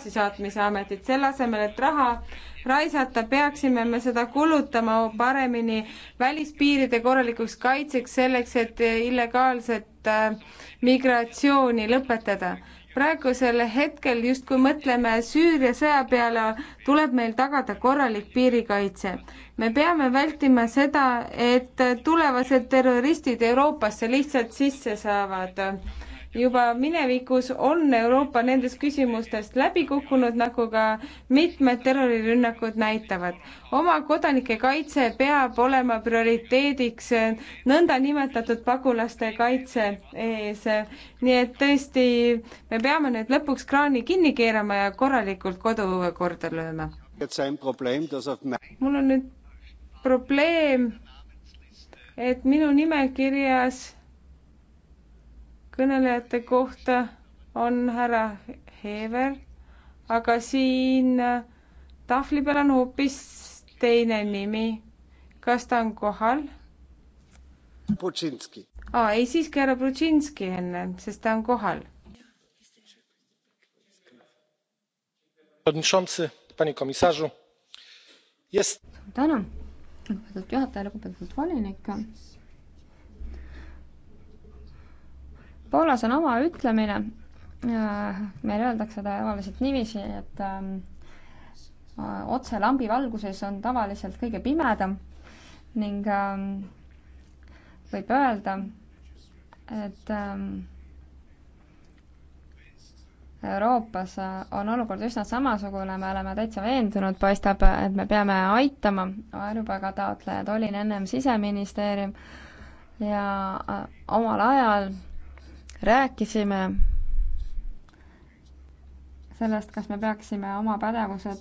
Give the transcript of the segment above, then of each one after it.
tagasisaatmise ametit, selle asemel, et raha raisata, peaksime me seda kulutama paremini välispiiride korralikuks kaitseks, selleks et illegaalset äh, migratsiooni lõpetada. praegusel hetkel justkui mõtleme Süüria sõja peale, tuleb meil tagada korralik piirikaitse. me peame vältima seda, et tulevased terroristid Euroopasse lihtsalt sisse saavad juba minevikus on Euroopa nendest küsimustest läbi kukkunud, nagu ka mitmed terrorirünnakud näitavad. oma kodanike kaitse peab olema prioriteediks nõndanimetatud pagulaste kaitse ees. nii et tõesti, me peame nüüd lõpuks kraani kinni keerama ja korralikult kodu korda lööma. mul on nüüd probleem, et minu nimekirjas kõnelejate kohta on härra Heever, aga siin tahvli peal on hoopis teine nimi. kas ta on kohal? Brudzinski. aa, ei siiski härra Brudzinski enne, sest ta on kohal. tänan, lugupeetud juhataja, lugupeetud volinik Poolas on oma ütlemine, äh, meil öeldakse ta tavaliselt niiviisi, et ähm, äh, otse lambi valguses on tavaliselt kõige pimedam ning ähm, võib öelda, et ähm, Euroopas äh, on olukord üsna samasugune, me oleme täitsa veendunud, paistab, et me peame aitama, varjupaigataotlejad olin ennem siseministeerium ja omal ajal rääkisime sellest, kas me peaksime oma pädevused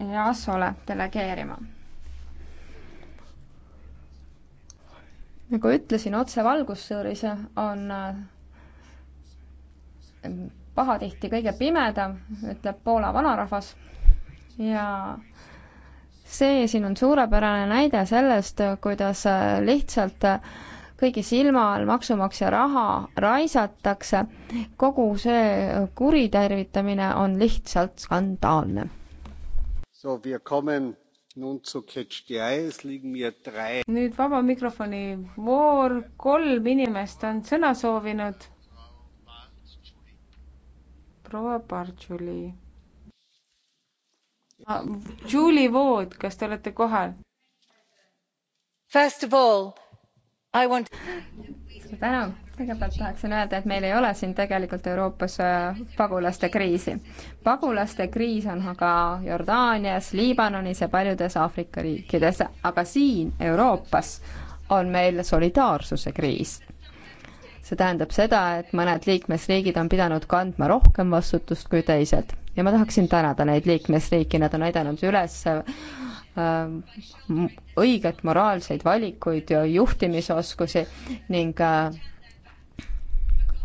EASO-le delegeerima. nagu ütlesin, otse valgussuuris on pahatihti kõige pimedam, ütleb Poola vanarahvas ja see siin on suurepärane näide sellest, kuidas lihtsalt äh, kõigi silma all maksumaksja raha raisatakse, kogu see kuritarvitamine on lihtsalt skandaalne. nüüd vaba mikrofoni voor, kolm inimest on sõna soovinud. proua Bartšuli. Ah, Julie Wood, kas te olete kohal? first of all Want... suur tänu, kõigepealt tahaksin öelda, et meil ei ole siin tegelikult Euroopas äh, pagulaste kriisi. pagulaste kriis on aga Jordaanias, Liibanonis ja paljudes Aafrika riikides, aga siin Euroopas on meil solidaarsuse kriis. see tähendab seda, et mõned liikmesriigid on pidanud kandma rohkem vastutust kui teised ja ma tahaksin tänada neid liikmesriike, nad on aidanud üles Äh, õiget moraalseid valikuid ja juhtimisoskusi ning äh,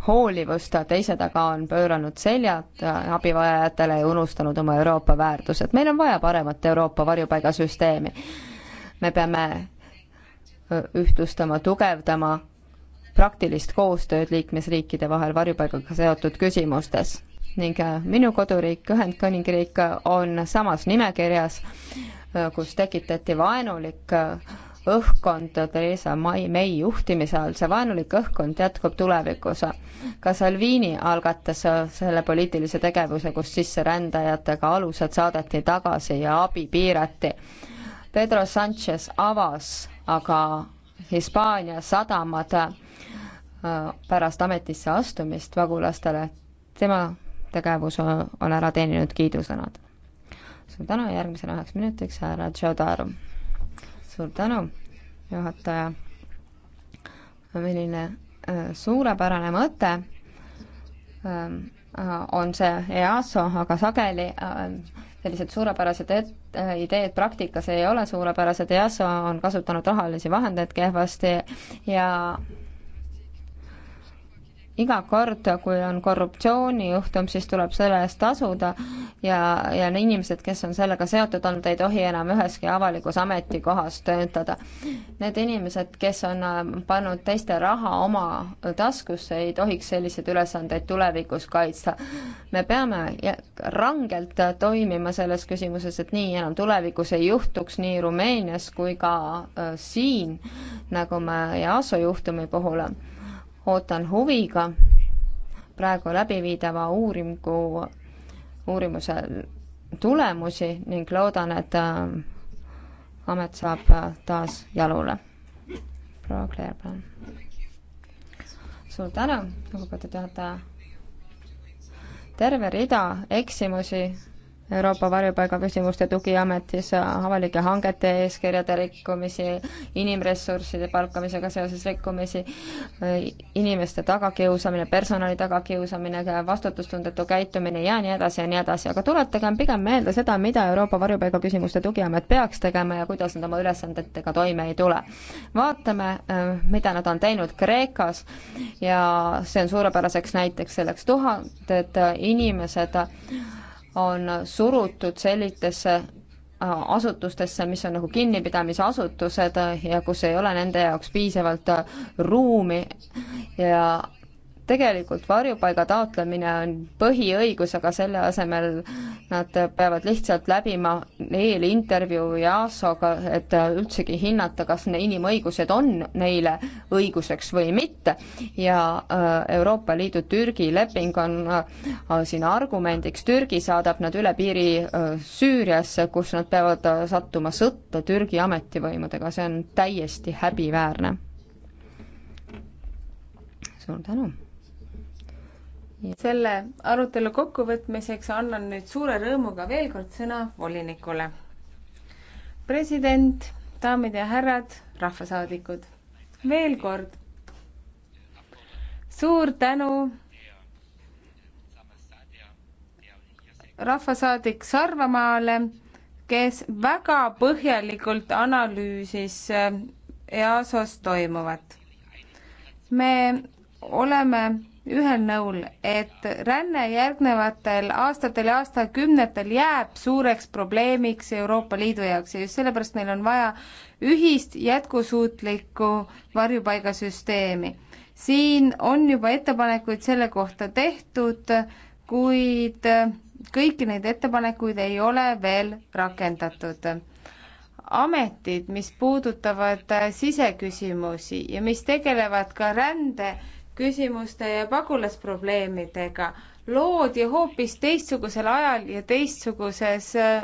hoolivust, teise taga on pööranud seljad äh, abivajajatele ja unustanud oma Euroopa väärtused. meil on vaja paremat Euroopa varjupaigasüsteemi. me peame ühtlustama, tugevdama praktilist koostööd liikmesriikide vahel varjupaigaga seotud küsimustes ning äh, minu koduriik, Ühendkuningriik äh, on samas nimekirjas, äh, kus tekitati vaenulik õhkkond Theresa May, May juhtimise all, see vaenulik õhkkond jätkub tulevikus. ka Salvini algatas selle poliitilise tegevuse, kus sisserändajatega alused saadeti tagasi ja abi piirati. Pedro Sanchez avas aga Hispaania sadamad pärast ametisse astumist pagulastele. tema tegevus on ära teeninud kiidusõnad. suur tänu, järgmisena üheks minutiks härra Tšodaru. suur tänu, juhataja. milline äh, suurepärane mõte ähm, äh, on see EASO, aga sageli ähm, sellised suurepärased et-, äh, ideed praktikas ei ole suurepärased, EASO on kasutanud rahalisi vahendeid kehvasti ja iga kord, kui on korruptsioonijuhtum, siis tuleb selle eest tasuda ja, ja need inimesed, kes on sellega seotud olnud, ei tohi enam üheski avalikus ametikohas töötada. Need inimesed, kes on äh, pannud teiste raha oma taskusse, ei tohiks selliseid ülesandeid tulevikus kaitsta. me peame rangelt toimima selles küsimuses, et nii enam tulevikus ei juhtuks nii Rumeenias kui ka äh, siin, nagu me EASO juhtumi puhul ootan huviga praegu läbiviidava uuringu, uurimuse tulemusi ning loodan, et äh, amet saab äh, taas jalule. proua Claire, palun. suur tänu, lugupeetud juhataja. terve rida eksimusi Euroopa varjupaigaküsimuste tugiametis avalike hangete eeskirjade rikkumisi, inimressursside palkamisega seoses rikkumisi, inimeste tagakiusamine, personali tagakiusamine, vastutustundetu käitumine ja nii edasi ja nii edasi, aga tuletagem pigem meelde seda, mida Euroopa varjupaigaküsimuste tugiamet peaks tegema ja kuidas nad oma ülesandetega toime ei tule. vaatame, äh, mida nad on teinud Kreekas ja see on suurepäraseks näiteks selleks, tuhanded inimesed on surutud sellistesse äh, asutustesse, mis on nagu kinnipidamisasutused äh, ja kus ei ole nende jaoks piisavalt äh, ruumi ja tegelikult varjupaiga taotlemine on põhiõigus, aga selle asemel nad peavad lihtsalt läbima eelintervjuu EASO-ga, et üldsegi hinnata, kas inimõigused on neile õiguseks või mitte. ja äh, Euroopa Liidu Türgi leping on äh, siin argumendiks, Türgi saadab nad üle piiri äh, Süüriasse, kus nad peavad sattuma sõtta Türgi ametivõimudega, see on täiesti häbiväärne. suur tänu! selle arutelu kokkuvõtmiseks annan nüüd suure rõõmuga veel kord sõna volinikule. president, daamid ja härrad, rahvasaadikud, veel kord suur tänu rahvasaadik Sarvamaale, kes väga põhjalikult analüüsis äh, EASO-s toimuvat. me oleme ühel nõul, et ränne järgnevatel aastatel ja aastakümnetel jääb suureks probleemiks Euroopa Liidu jaoks ja just sellepärast meil on vaja ühist jätkusuutlikku varjupaigasüsteemi. siin on juba ettepanekuid selle kohta tehtud, kuid kõiki neid ettepanekuid ei ole veel rakendatud ametid, mis puudutavad siseküsimusi ja mis tegelevad ka rände küsimuste ja pagulasprobleemidega. loodi hoopis teistsugusel ajal ja teistsuguses äh,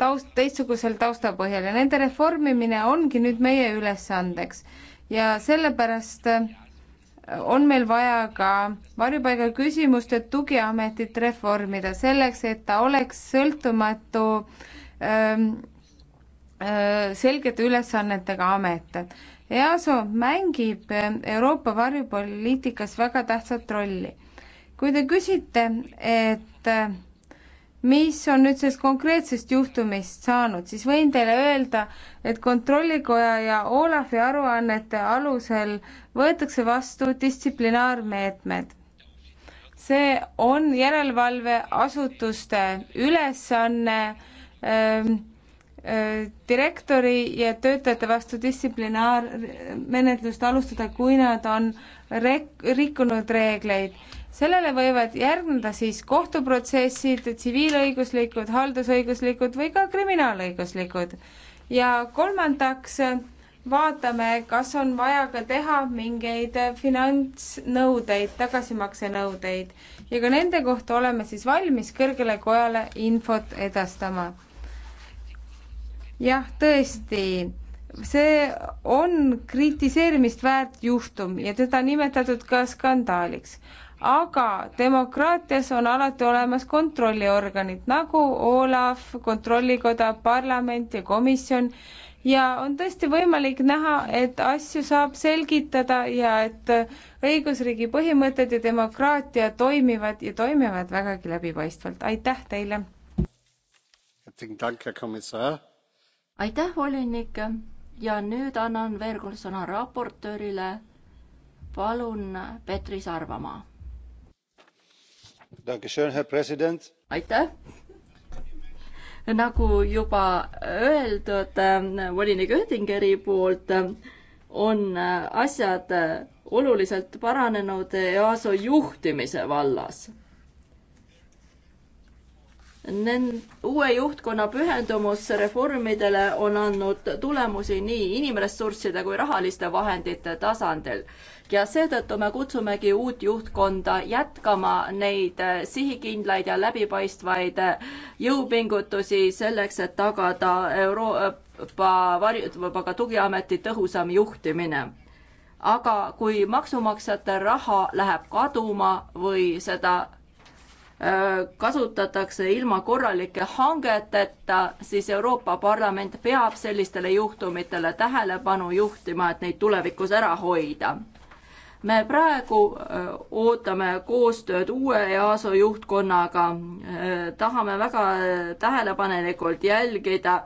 taust, teistsugusel taustapõhjal ja nende reformimine ongi nüüd meie ülesandeks. ja sellepärast äh, on meil vaja ka varjupaiga küsimuste tugiametit reformida selleks, et ta oleks sõltumatu öö, ähm, äh, selgete ülesannetega amet. EASO mängib Euroopa varjupoliitikas väga tähtsat rolli. kui te küsite, et mis on nüüd sellest konkreetsest juhtumist saanud, siis võin teile öelda, et Kontrollikoja ja Olavi aruannete alusel võetakse vastu distsiplinaarmeetmed. see on järelevalveasutuste ülesanne ähm, Äh, direktori ja töötajate vastu distsiplinaarmenetlust alustada, kui nad on rek-, rikkunud reegleid. sellele võivad järgneda siis kohtuprotsessid, tsiviilõiguslikud, haldusõiguslikud või ka kriminaalõiguslikud. ja kolmandaks vaatame, kas on vaja ka teha mingeid finantsnõudeid, tagasimaksenõudeid ja ka nende kohta oleme siis valmis kõrgele kojale infot edastama jah, tõesti, see on kritiseerimist väärt juhtum ja teda nimetatud ka skandaaliks. aga demokraatias on alati olemas kontrolliorganid nagu Olav, Kontrollikoda, parlament ja komisjon ja on tõesti võimalik näha, et asju saab selgitada ja et õigusriigi põhimõtted ja demokraatia toimivad ja toimivad vägagi läbipaistvalt. aitäh teile! aitäh, volinik ja nüüd annan veel kord sõna raportöörile. palun, Petri Sarvamaa. aitäh nagu juba öeldud volinik Oettingeri poolt, on asjad oluliselt paranenud EASO juhtimise vallas uue juhtkonna pühendumus reformidele on andnud tulemusi nii inimressursside kui rahaliste vahendite tasandil ja seetõttu me kutsumegi uut juhtkonda jätkama neid sihikindlaid ja läbipaistvaid jõupingutusi selleks, et tagada Euroopa varjutvabaga tugiameti tõhusam juhtimine. aga kui maksumaksjate raha läheb kaduma või seda Äh, kasutatakse ilma korralike hangeteta, siis Euroopa Parlament peab sellistele juhtumitele tähelepanu juhtima, et neid tulevikus ära hoida. me praegu äh, ootame koostööd uue EASO juhtkonnaga, äh, tahame väga tähelepanelikult jälgida,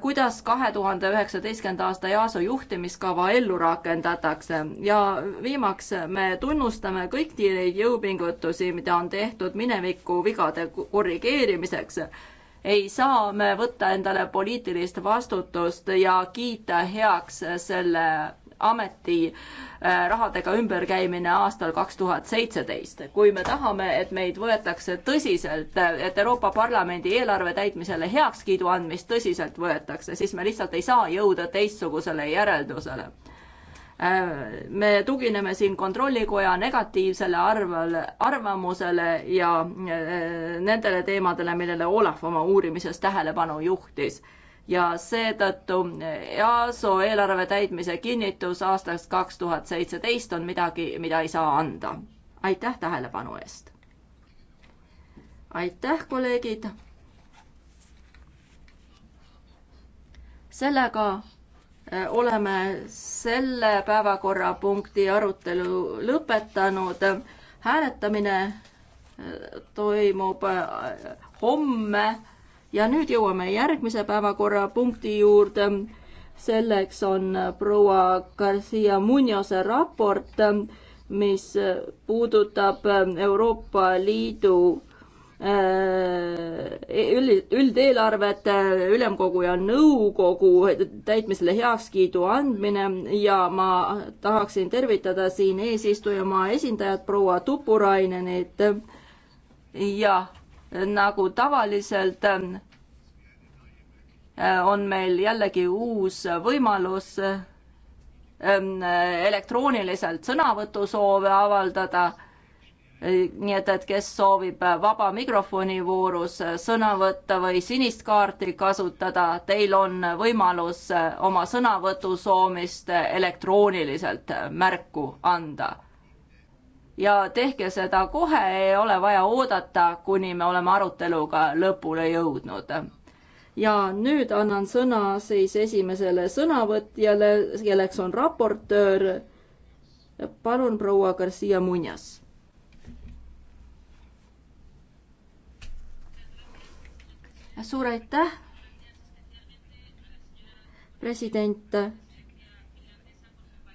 kuidas kahe tuhande üheksateistkümnenda aasta EASO juhtimiskava ellu rakendatakse ja viimaks me tunnustame kõiki neid jõupingutusi, mida on tehtud mineviku vigade korrigeerimiseks. ei saa me võtta endale poliitilist vastutust ja kiita heaks selle ameti äh, rahadega ümberkäimine aastal kaks tuhat seitseteist. kui me tahame, et meid võetakse tõsiselt, et Euroopa Parlamendi eelarve täitmisele heakskiidu andmist tõsiselt võetakse, siis me lihtsalt ei saa jõuda teistsugusele järeldusele äh, me tugineme siin Kontrollikoja negatiivsele arvele, arvamusele ja äh, nendele teemadele, millele Olav oma uurimises tähelepanu juhtis ja seetõttu EASO eelarve täitmise kinnitus aastast kaks tuhat seitseteist on midagi, mida ei saa anda. aitäh tähelepanu eest! aitäh, kolleegid! sellega äh, oleme selle päevakorrapunkti arutelu lõpetanud. hääletamine äh, toimub äh, homme ja nüüd jõuame järgmise päevakorrapunkti juurde. selleks on proua Garcia Munose raport, mis puudutab Euroopa Liidu äh, e-, üldeelarvet, ülemkogu ja nõukogu täitmisele heakskiidu andmine ja ma tahaksin tervitada siin eesistujamaa esindajat proua Tupurainenit ja nagu tavaliselt äh, on meil jällegi uus võimalus ähm, elektrooniliselt sõnavõtusoove avaldada. nii et, et kes soovib vaba mikrofoni voorus sõna võtta või sinist kaarti kasutada, teil on võimalus oma sõnavõtusoomist elektrooniliselt märku anda ja tehke seda kohe, ei ole vaja oodata, kuni me oleme aruteluga lõpule jõudnud. ja nüüd annan sõna siis esimesele sõnavõtjale, kelleks on raportöör. palun, proua Garcia Munoz. suur aitäh, president.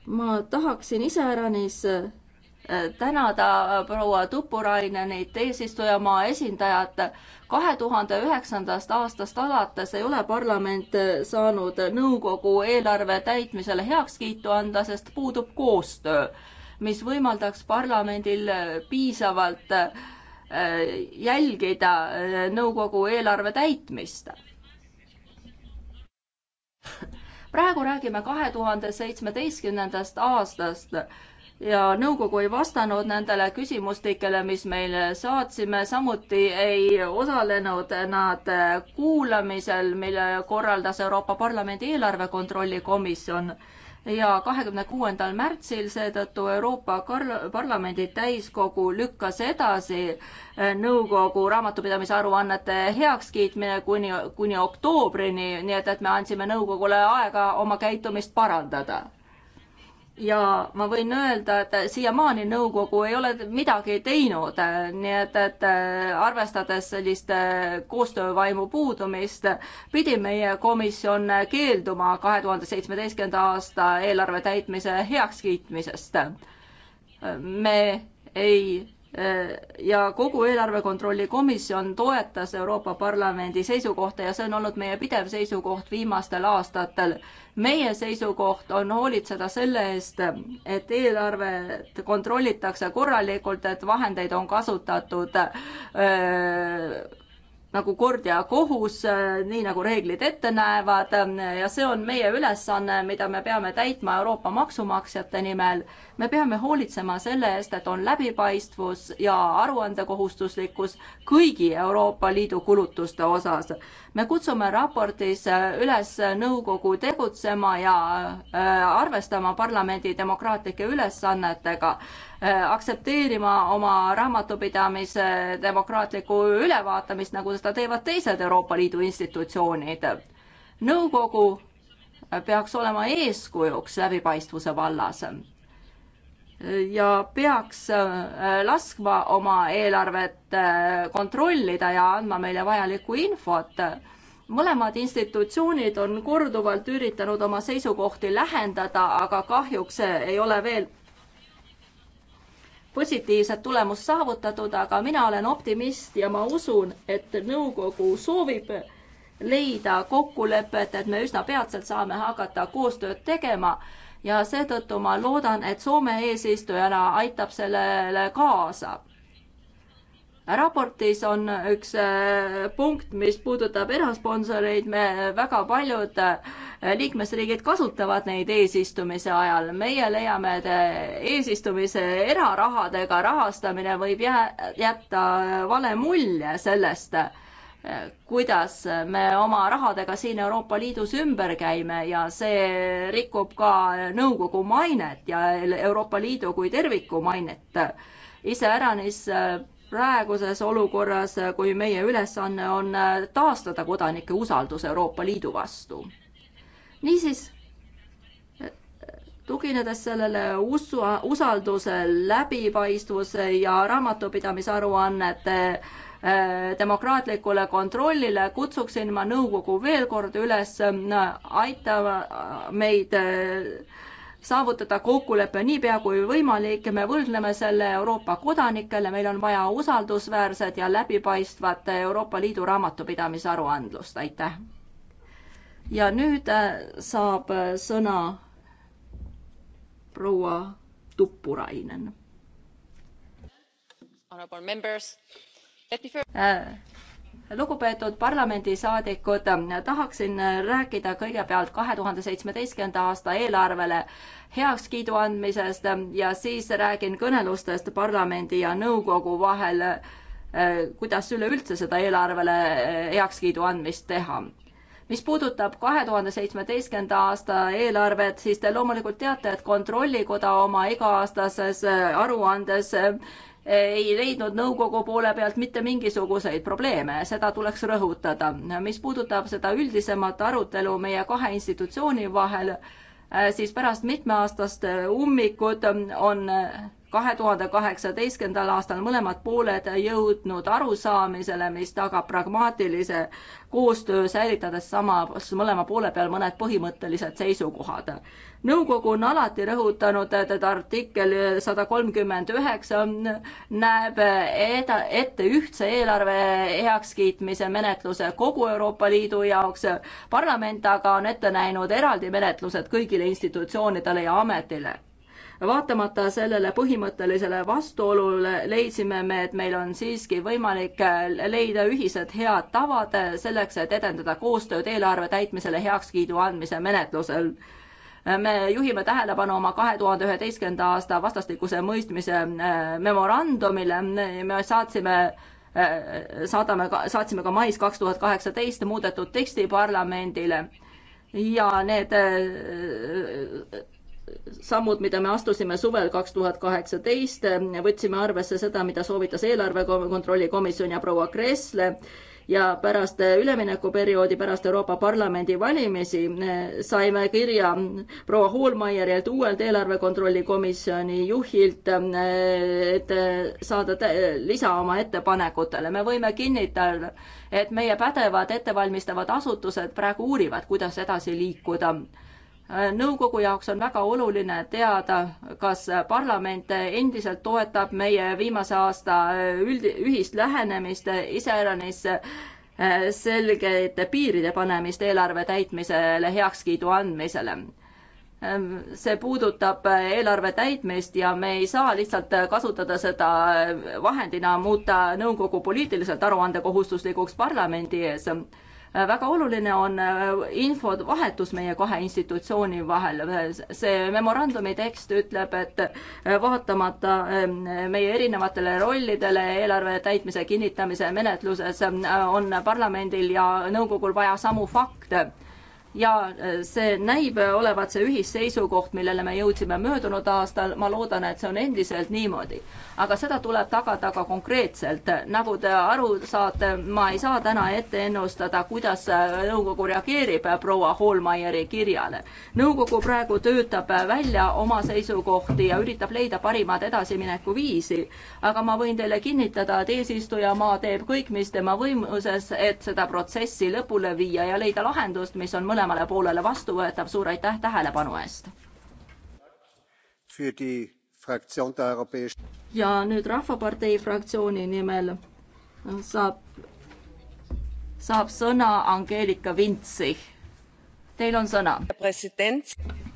ma tahaksin iseäranis tänada äh, proua Tupurainenit, eesistujamaa esindajat. kahe tuhande üheksandast aastast alates ei ole parlament äh, saanud nõukogu eelarve täitmisele heakskiitu anda, sest puudub koostöö, mis võimaldaks parlamendil äh, piisavalt jälgida nõukogu eelarve täitmist praegu räägime kahe tuhande seitsmeteistkümnendast aastast, ja nõukogu ei vastanud nendele küsimustikele, mis meile saatsime, samuti ei osalenud nad kuulamisel, mille korraldas Euroopa Parlamendi eelarve kontrolli komisjon ja kahekümne kuuendal märtsil seetõttu Euroopa Parlamendi täiskogu lükkas edasi nõukogu raamatupidamise aruannete heakskiitmine kuni, kuni oktoobrini, nii et, et me andsime nõukogule aega oma käitumist parandada ja ma võin öelda, et siiamaani nõukogu ei ole midagi teinud, nii et, et äh, arvestades sellist äh, koostöövaimu puudumist, pidi meie komisjon keelduma kahe tuhande seitsmeteistkümnenda aasta eelarve täitmise heakskiitmisest. me ei Äh, ja kogu eelarve kontrolli komisjon toetas Euroopa Parlamendi seisukohta ja see on olnud meie pidev seisukoht viimastel aastatel. meie seisukoht on hoolitseda selle eest, et eelarvet kontrollitakse korralikult, et vahendeid on kasutatud öö, äh, nagu kord ja kohus, nii nagu reeglid ette näevad ja see on meie ülesanne, mida me peame täitma Euroopa maksumaksjate nimel. me peame hoolitsema selle eest, et on läbipaistvus ja aruandekohustuslikkus kõigi Euroopa Liidu kulutuste osas. me kutsume raportis üles nõukogu tegutsema ja äh, arvestama parlamendi demokraatlike ülesannetega Äh, aktsepteerima oma raamatupidamise demokraatlikku ülevaatamist, nagu seda teevad teised Euroopa Liidu institutsioonid. nõukogu äh, peaks olema eeskujuks läbipaistvuse vallas ja peaks äh, laskma oma eelarvet kontrollida ja andma meile vajalikku infot. mõlemad institutsioonid on korduvalt üritanud oma seisukohti lähendada, aga kahjuks ei ole veel positiivset tulemust saavutatud, aga mina olen optimist ja ma usun, et nõukogu soovib leida kokkulepet, et me üsna peatselt saame hakata koostööd tegema ja seetõttu ma loodan, et Soome eesistujana aitab sellele kaasa raportis on üks äh, punkt, mis puudutab erasponsoreid, me äh, väga paljud äh, liikmesriigid kasutavad neid eesistumise ajal. meie leiame, et eesistumise erarahadega rahastamine võib jää-, jätta vale mulje sellest, kuidas me oma rahadega siin Euroopa Liidus ümber käime ja see rikub ka nõukogu mainet ja Euroopa Liidu kui terviku mainet iseäranis praeguses olukorras, kui meie ülesanne on äh, taastada kodanike usaldus Euroopa Liidu vastu. niisiis, tuginedes sellele usu, usalduse läbipaistvuse ja raamatupidamisaruannete äh, demokraatlikule kontrollile, kutsuksin ma nõukogu veel kord üles äh, aitama meid saavutada kokkulepe niipea kui võimalik, me võlgneme selle Euroopa kodanikele, meil on vaja usaldusväärset ja läbipaistvat Euroopa Liidu raamatupidamise aruandlust, aitäh. ja nüüd äh, saab äh, sõna proua Tuppurainen. Honourable members, let me first äh, lugupeetud parlamendisaadikud, tahaksin rääkida kõigepealt kahe tuhande seitsmeteistkümnenda aasta eelarvele heakskiidu andmisest ja siis räägin kõnelustest parlamendi ja nõukogu vahel, kuidas üleüldse seda eelarvele heakskiidu andmist teha mis puudutab kahe tuhande seitsmeteistkümnenda aasta eelarvet, siis te loomulikult teate, et Kontrollikoda oma iga-aastases aruandes ei leidnud nõukogu poole pealt mitte mingisuguseid probleeme, seda tuleks rõhutada. mis puudutab seda üldisemat arutelu meie kahe institutsiooni vahel, siis pärast mitmeaastast ummikut on kahe tuhande kaheksateistkümnendal aastal mõlemad pooled jõudnud arusaamisele, mis tagab pragmaatilise koostöö, säilitades samas mõlema poole peal mõned põhimõttelised seisukohad. nõukogu on alati rõhutanud, et artikkel sada kolmkümmend üheksa näeb ette ühtse eelarve heakskiitmise menetluse kogu Euroopa Liidu jaoks. parlament aga on ette näinud eraldi menetlused kõigile institutsioonidele ja ametile vaatamata sellele põhimõttelisele vastuolule leidsime me, et meil on siiski võimalik äh, leida ühised head tavad äh, selleks, et edendada koostööd eelarve täitmisele heakskiidu andmise menetlusel äh, me juhime tähelepanu oma kahe tuhande üheteistkümnenda aasta vastastikuse mõistmise memorandumile, me saatsime saadame, saatsime ka mais kaks tuhat kaheksateist muudetud teksti parlamendile ja need sammud, mida me astusime suvel kaks tuhat kaheksateist, võtsime arvesse seda, mida soovitas eelarve kontrolli komisjon ja proua Kressle ja pärast üleminekuperioodi, pärast Euroopa Parlamendi valimisi eh, saime kirja proua Hoolmeierilt, uuelt eelarve kontrolli komisjoni juhilt, eh, et eh, saada lisa oma ettepanekutele. me võime kinnitada, et meie pädevad ettevalmistavad asutused praegu uurivad, kuidas edasi liikuda nõukogu jaoks on väga oluline teada, kas parlament endiselt toetab meie viimase aasta üld-, ühist lähenemist iseäranis eh, selgete piiride panemist eelarve täitmisele heakskiidu andmisele ehm, see puudutab eelarve täitmist ja me ei saa lihtsalt kasutada seda vahendina muuta nõukogu poliitiliselt aruandekohustuslikuks parlamendi ees väga oluline on äh, infovahetus meie kahe institutsiooni vahel. see memorandumi tekst ütleb, et äh, vaatamata ähm, meie erinevatele rollidele eelarve täitmise kinnitamise menetluses äh, on parlamendil ja nõukogul vaja samu fakte ja äh, see näib olevat see ühisseisukoht, millele me jõudsime möödunud aastal, ma loodan, et see on endiselt niimoodi. aga seda tuleb tagada ka konkreetselt, nagu te aru saate, ma ei saa täna ette ennustada, kuidas äh, nõukogu reageerib äh, proua Hallmeieri kirjale. nõukogu praegu töötab välja oma seisukohti ja üritab leida parimat edasimineku viisi, aga ma võin teile kinnitada, et eesistujamaa teeb kõik, mis tema võimuses, et seda protsessi lõpule viia ja leida lahendust, mis on mõlemale mõlemale poolele vastuvõetav. suur aitäh tähelepanu eest! ja nüüd Rahvapartei fraktsiooni nimel saab, saab sõna Angeelika Vintsi. Teil on sõna.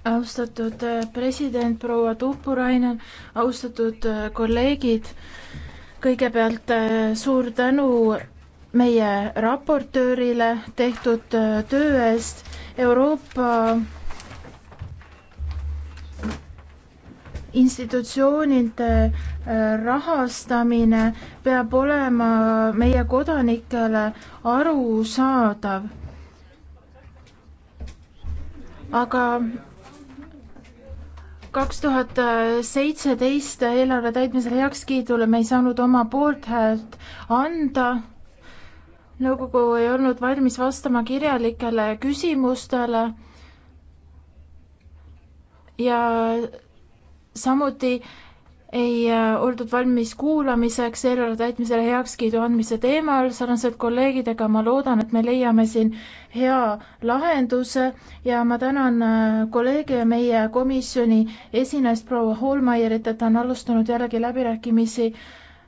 austatud äh, president proua Tuupurainen, austatud äh, kolleegid, kõigepealt äh, suur tänu meie raportöörile tehtud töö eest Euroopa institutsioonide äh, rahastamine peab olema meie kodanikele arusaadav. aga kaks tuhat seitseteist eelarve täitmisele heakskiidule me ei saanud oma poolthäält anda nõukogu ei olnud valmis vastama kirjalikele küsimustele ja samuti ei äh, oldud valmis kuulamiseks eelarve täitmisele heakskiidu andmise teemal, sarnaselt kolleegidega ma loodan, et me leiame siin hea lahenduse ja ma tänan äh, kolleege ja meie komisjoni esinaist proua Holmeierit, et ta on alustanud jällegi läbirääkimisi äh,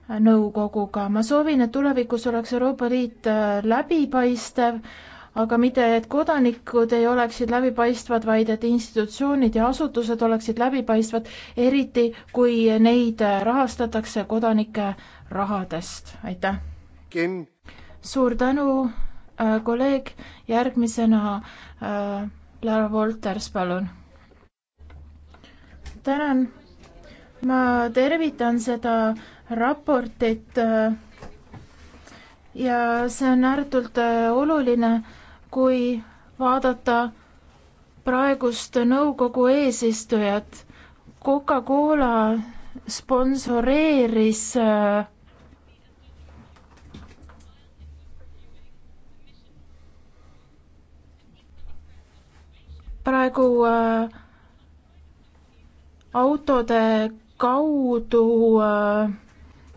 nõukoguga. ma soovin, et tulevikus oleks Euroopa Liit äh, läbipaistev, aga mitte, et kodanikud ei oleksid läbipaistvad, vaid et institutsioonid ja asutused oleksid läbipaistvad, eriti kui neid äh, rahastatakse kodanike rahadest. aitäh! suur tänu äh,, kolleeg, järgmisena äh, Lara Wolters, palun! tänan! ma tervitan seda äh, raportit äh, ja see on ääretult äh, oluline, kui vaadata praegust nõukogu eesistujat. Coca-Cola sponsoreeris äh, praegu autode kaudu äh,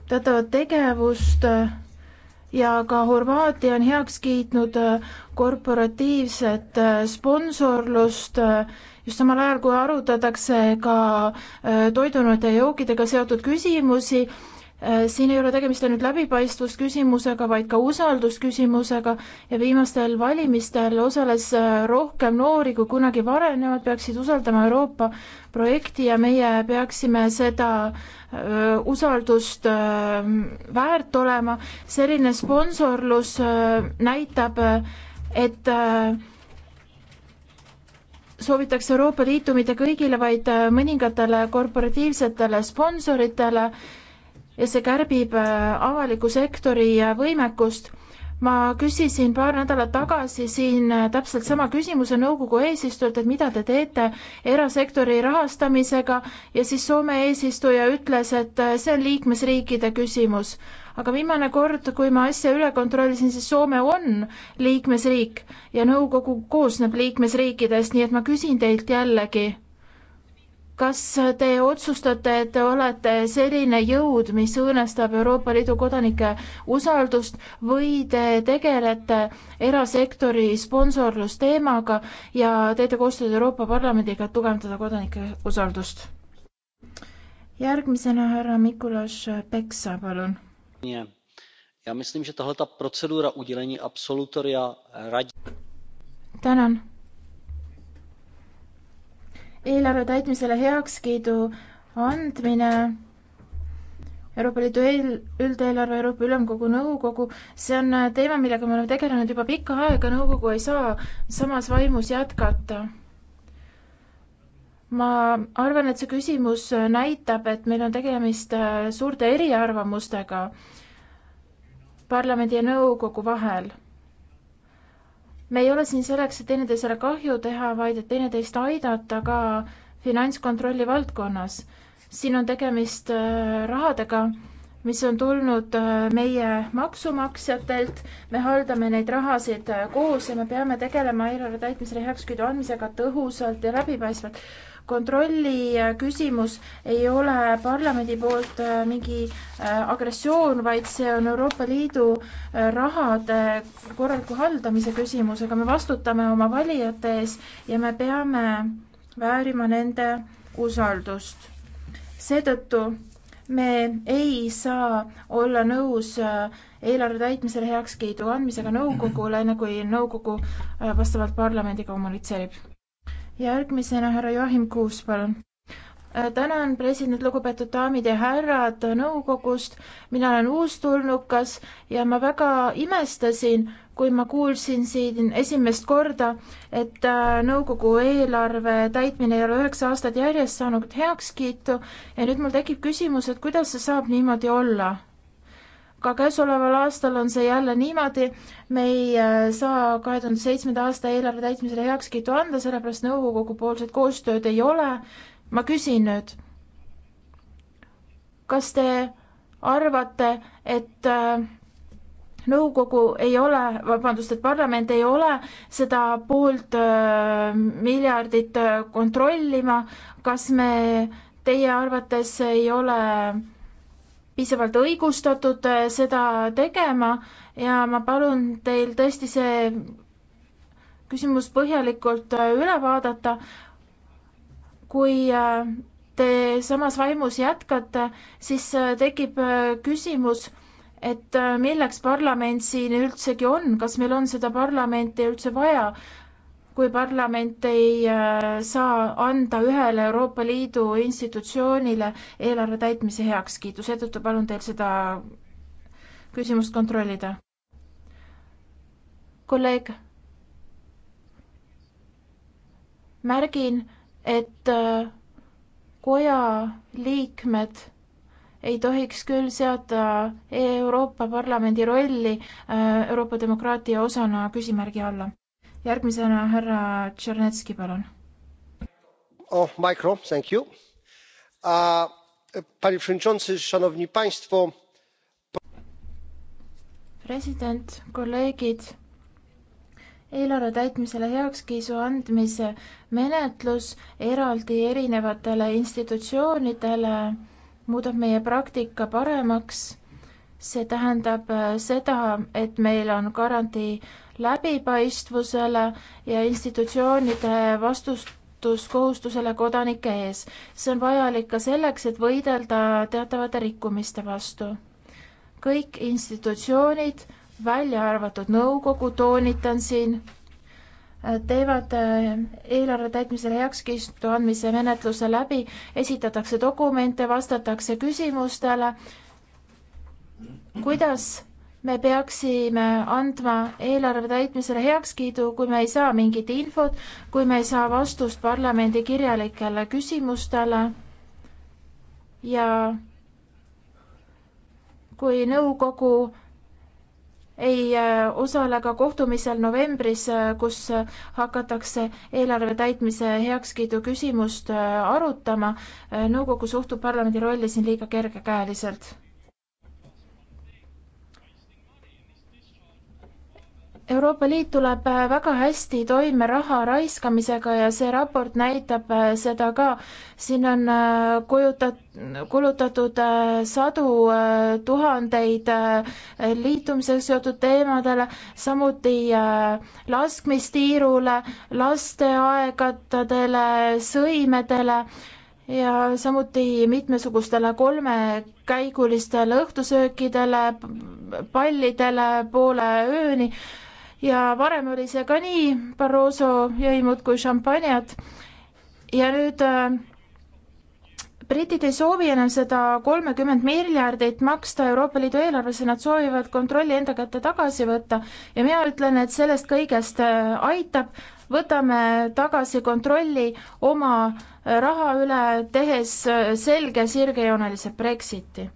teatavat tegevust äh, ja ka Horvaatia on heaks kiitnud äh, korporatiivset äh, sponsorlust, just samal ajal, kui arutatakse ka toidunõude ja jookidega seotud küsimusi, Äh, siin ei ole tegemist ainult läbipaistvusküsimusega, vaid ka usaldusküsimusega ja viimastel valimistel osales äh, rohkem noori kui kunagi varem, nemad peaksid usaldama Euroopa projekti ja meie peaksime seda öö, äh, usaldust öö, väärt olema. selline sponsorlus öö, näitab, et öö, soovitakse Euroopa Liitu mitte kõigile, vaid mõningatele korporatiivsetele sponsoritele ja see kärbib äh, avaliku sektori äh, võimekust. ma küsisin paar nädalat tagasi siin äh, täpselt sama küsimuse nõukogu eesistujalt, et mida te teete erasektori rahastamisega ja siis Soome eesistuja ütles, et see on liikmesriikide küsimus. aga viimane kord, kui ma asja üle kontrollisin, siis Soome on liikmesriik ja nõukogu koosneb liikmesriikidest, nii et ma küsin teilt jällegi kas te otsustate, et te olete selline jõud, mis õõnestab Euroopa Liidu kodanike usaldust või te tegelete erasektori sponsorlusteemaga ja teete koostööd Euroopa Parlamendiga, et tugevdada kodanike usaldust? järgmisena härra Mikulaš Peksa, palun. tänan eelarve täitmisele heakskiidu andmine Euroopa Liidu eel, üldeelarve, Euroopa Ülemkogu nõukogu, see on äh, teema, millega me oleme tegelenud juba pikka aega, nõukogu ei saa samas vaimus jätkata. ma arvan, et see küsimus äh, näitab, et meil on tegemist äh, suurte eriarvamustega parlamendi ja nõukogu vahel me ei ole siin selleks, et teineteisele kahju teha, vaid et teineteist aidata ka finantskontrolli valdkonnas. siin on tegemist äh, rahadega, mis on tulnud äh, meie maksumaksjatelt, me haldame neid rahasid äh, koos ja me peame tegelema eelarve täitmisele heakskiidu andmisega tõhusalt ja läbipaistvalt kontrolli äh, küsimus ei ole parlamendi poolt äh, mingi äh, agressioon, vaid see on Euroopa Liidu rahade korraliku haldamise küsimus, aga me vastutame oma valijate ees ja me peame väärima nende usaldust. seetõttu me ei saa olla nõus eelarve täitmisele heakskiidu andmisega nõukogule, enne nagu kui nõukogu vastavalt parlamendiga kommunitseerib järgmisena härra Joachim Kuus, palun. Äh, tänan, president, lugupeetud daamid ja härrad nõukogust. mina olen uustulnukas ja ma väga imestasin, kui ma kuulsin siin esimest korda, et äh, nõukogu eelarve täitmine ei ole üheksa aastat järjest saanud heakskiitu ja nüüd mul tekib küsimus, et kuidas see saab niimoodi olla ka käesoleval aastal on see jälle niimoodi, me ei äh, saa kahe tuhande seitsmenda aasta eelarve täitmisele heakskiitu anda, sellepärast nõukogu poolset koostööd ei ole. ma küsin nüüd, kas te arvate, et äh, nõukogu ei ole, vabandust, et parlament ei ole seda poolt äh, miljardit kontrollima, kas me teie arvates ei ole piisavalt õigustatud äh, seda tegema ja ma palun teil tõesti see küsimus põhjalikult äh, üle vaadata. kui äh, te samas vaimus jätkate, siis tekib küsimus, et milleks parlament siin üldsegi on, kas meil on seda parlamenti üldse vaja kui parlament ei äh, saa anda ühele Euroopa Liidu institutsioonile eelarve täitmise heakskiitu, seetõttu palun teil seda küsimust kontrollida. kolleeg. märgin, et äh, koja liikmed ei tohiks küll seada Euroopa Parlamendi rolli äh, Euroopa demokraatia osana küsimärgi alla järgmisena härra Tšernetski, palun. Oh, micro, thank you. Uh, panie przewodniczący, szanowni państwo. President, kolleegid eelarve täitmisele heakskiisu andmise menetlus eraldi erinevatele institutsioonidele muudab meie praktika paremaks. see tähendab äh, seda, et meil on garantii läbipaistvusele ja institutsioonide vastutuskohustusele kodanike ees. see on vajalik ka selleks, et võidelda teatavate rikkumiste vastu. kõik institutsioonid, välja arvatud nõukogu, toonitan siin, teevad eh, eelarve täitmisele heakskiitu andmise menetluse läbi, esitatakse dokumente, vastatakse küsimustele, kuidas me peaksime andma eelarve täitmisele heakskiidu, kui me ei saa mingit infot, kui me ei saa vastust parlamendi kirjalikele küsimustele ja kui nõukogu ei äh, osale ka kohtumisel novembris, äh, kus äh, hakatakse eelarve täitmise heakskiidu küsimust arutama. nõukogu suhtub parlamendi rolli siin liiga kergekäeliselt Euroopa Liit tuleb äh, väga hästi toime raha raiskamisega ja see raport näitab äh, seda ka. siin on äh, kujutat-, kulutatud sadu tuhandeid liitumisega seotud teemadele, samuti laskmistiirule, lasteaegadele, sõimedele ja samuti mitmesugustele kolmekäigulistele õhtusöökidele, pallidele poole ööni ja varem oli see ka nii, Barroso jõi muudkui šampanjat ja nüüd äh, britid ei soovi enam seda kolmekümmet miljardit maksta Euroopa Liidu eelarvesse, nad soovivad kontrolli enda kätte tagasi võtta ja mina ütlen, et sellest kõigest äh, aitab, võtame tagasi kontrolli oma äh, raha üle, tehes äh, selge sirgejoonelise Brexiti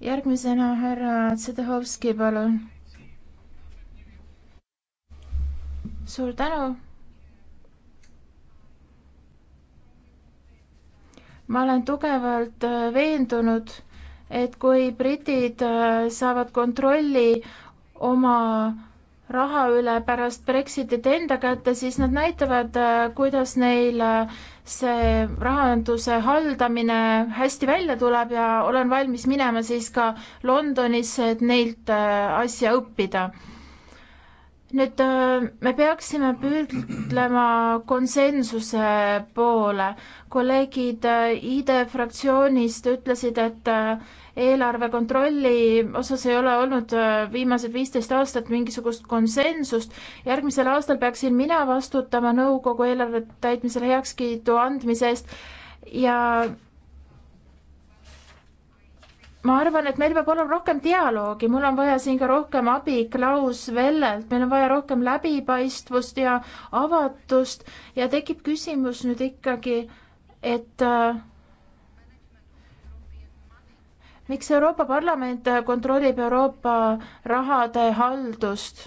järgmisena härra Tsedehovski, palun. suur tänu. ma olen tugevalt äh, veendunud, et kui britid äh, saavad kontrolli oma raha üle pärast Brexitit enda kätte, siis nad näitavad, äh, kuidas neil see rahanduse haldamine hästi välja tuleb ja olen valmis minema siis ka Londonisse, et neilt äh, asja õppida. nüüd äh, me peaksime püüdlema konsensuse poole. kolleegid äh, ID e fraktsioonist ütlesid, et eelarve kontrolli osas ei ole olnud äh, viimased viisteist aastat mingisugust konsensust. järgmisel aastal peaksin mina vastutama nõukogu eelarve täitmisele heakskiidu andmise eest ja ma arvan, et meil peab olema rohkem dialoogi, mul on vaja siin ka rohkem abi Klaus Vellelt, meil on vaja rohkem läbipaistvust ja avatust ja tekib küsimus nüüd ikkagi, et äh, miks Euroopa Parlament kontrollib Euroopa rahade haldust?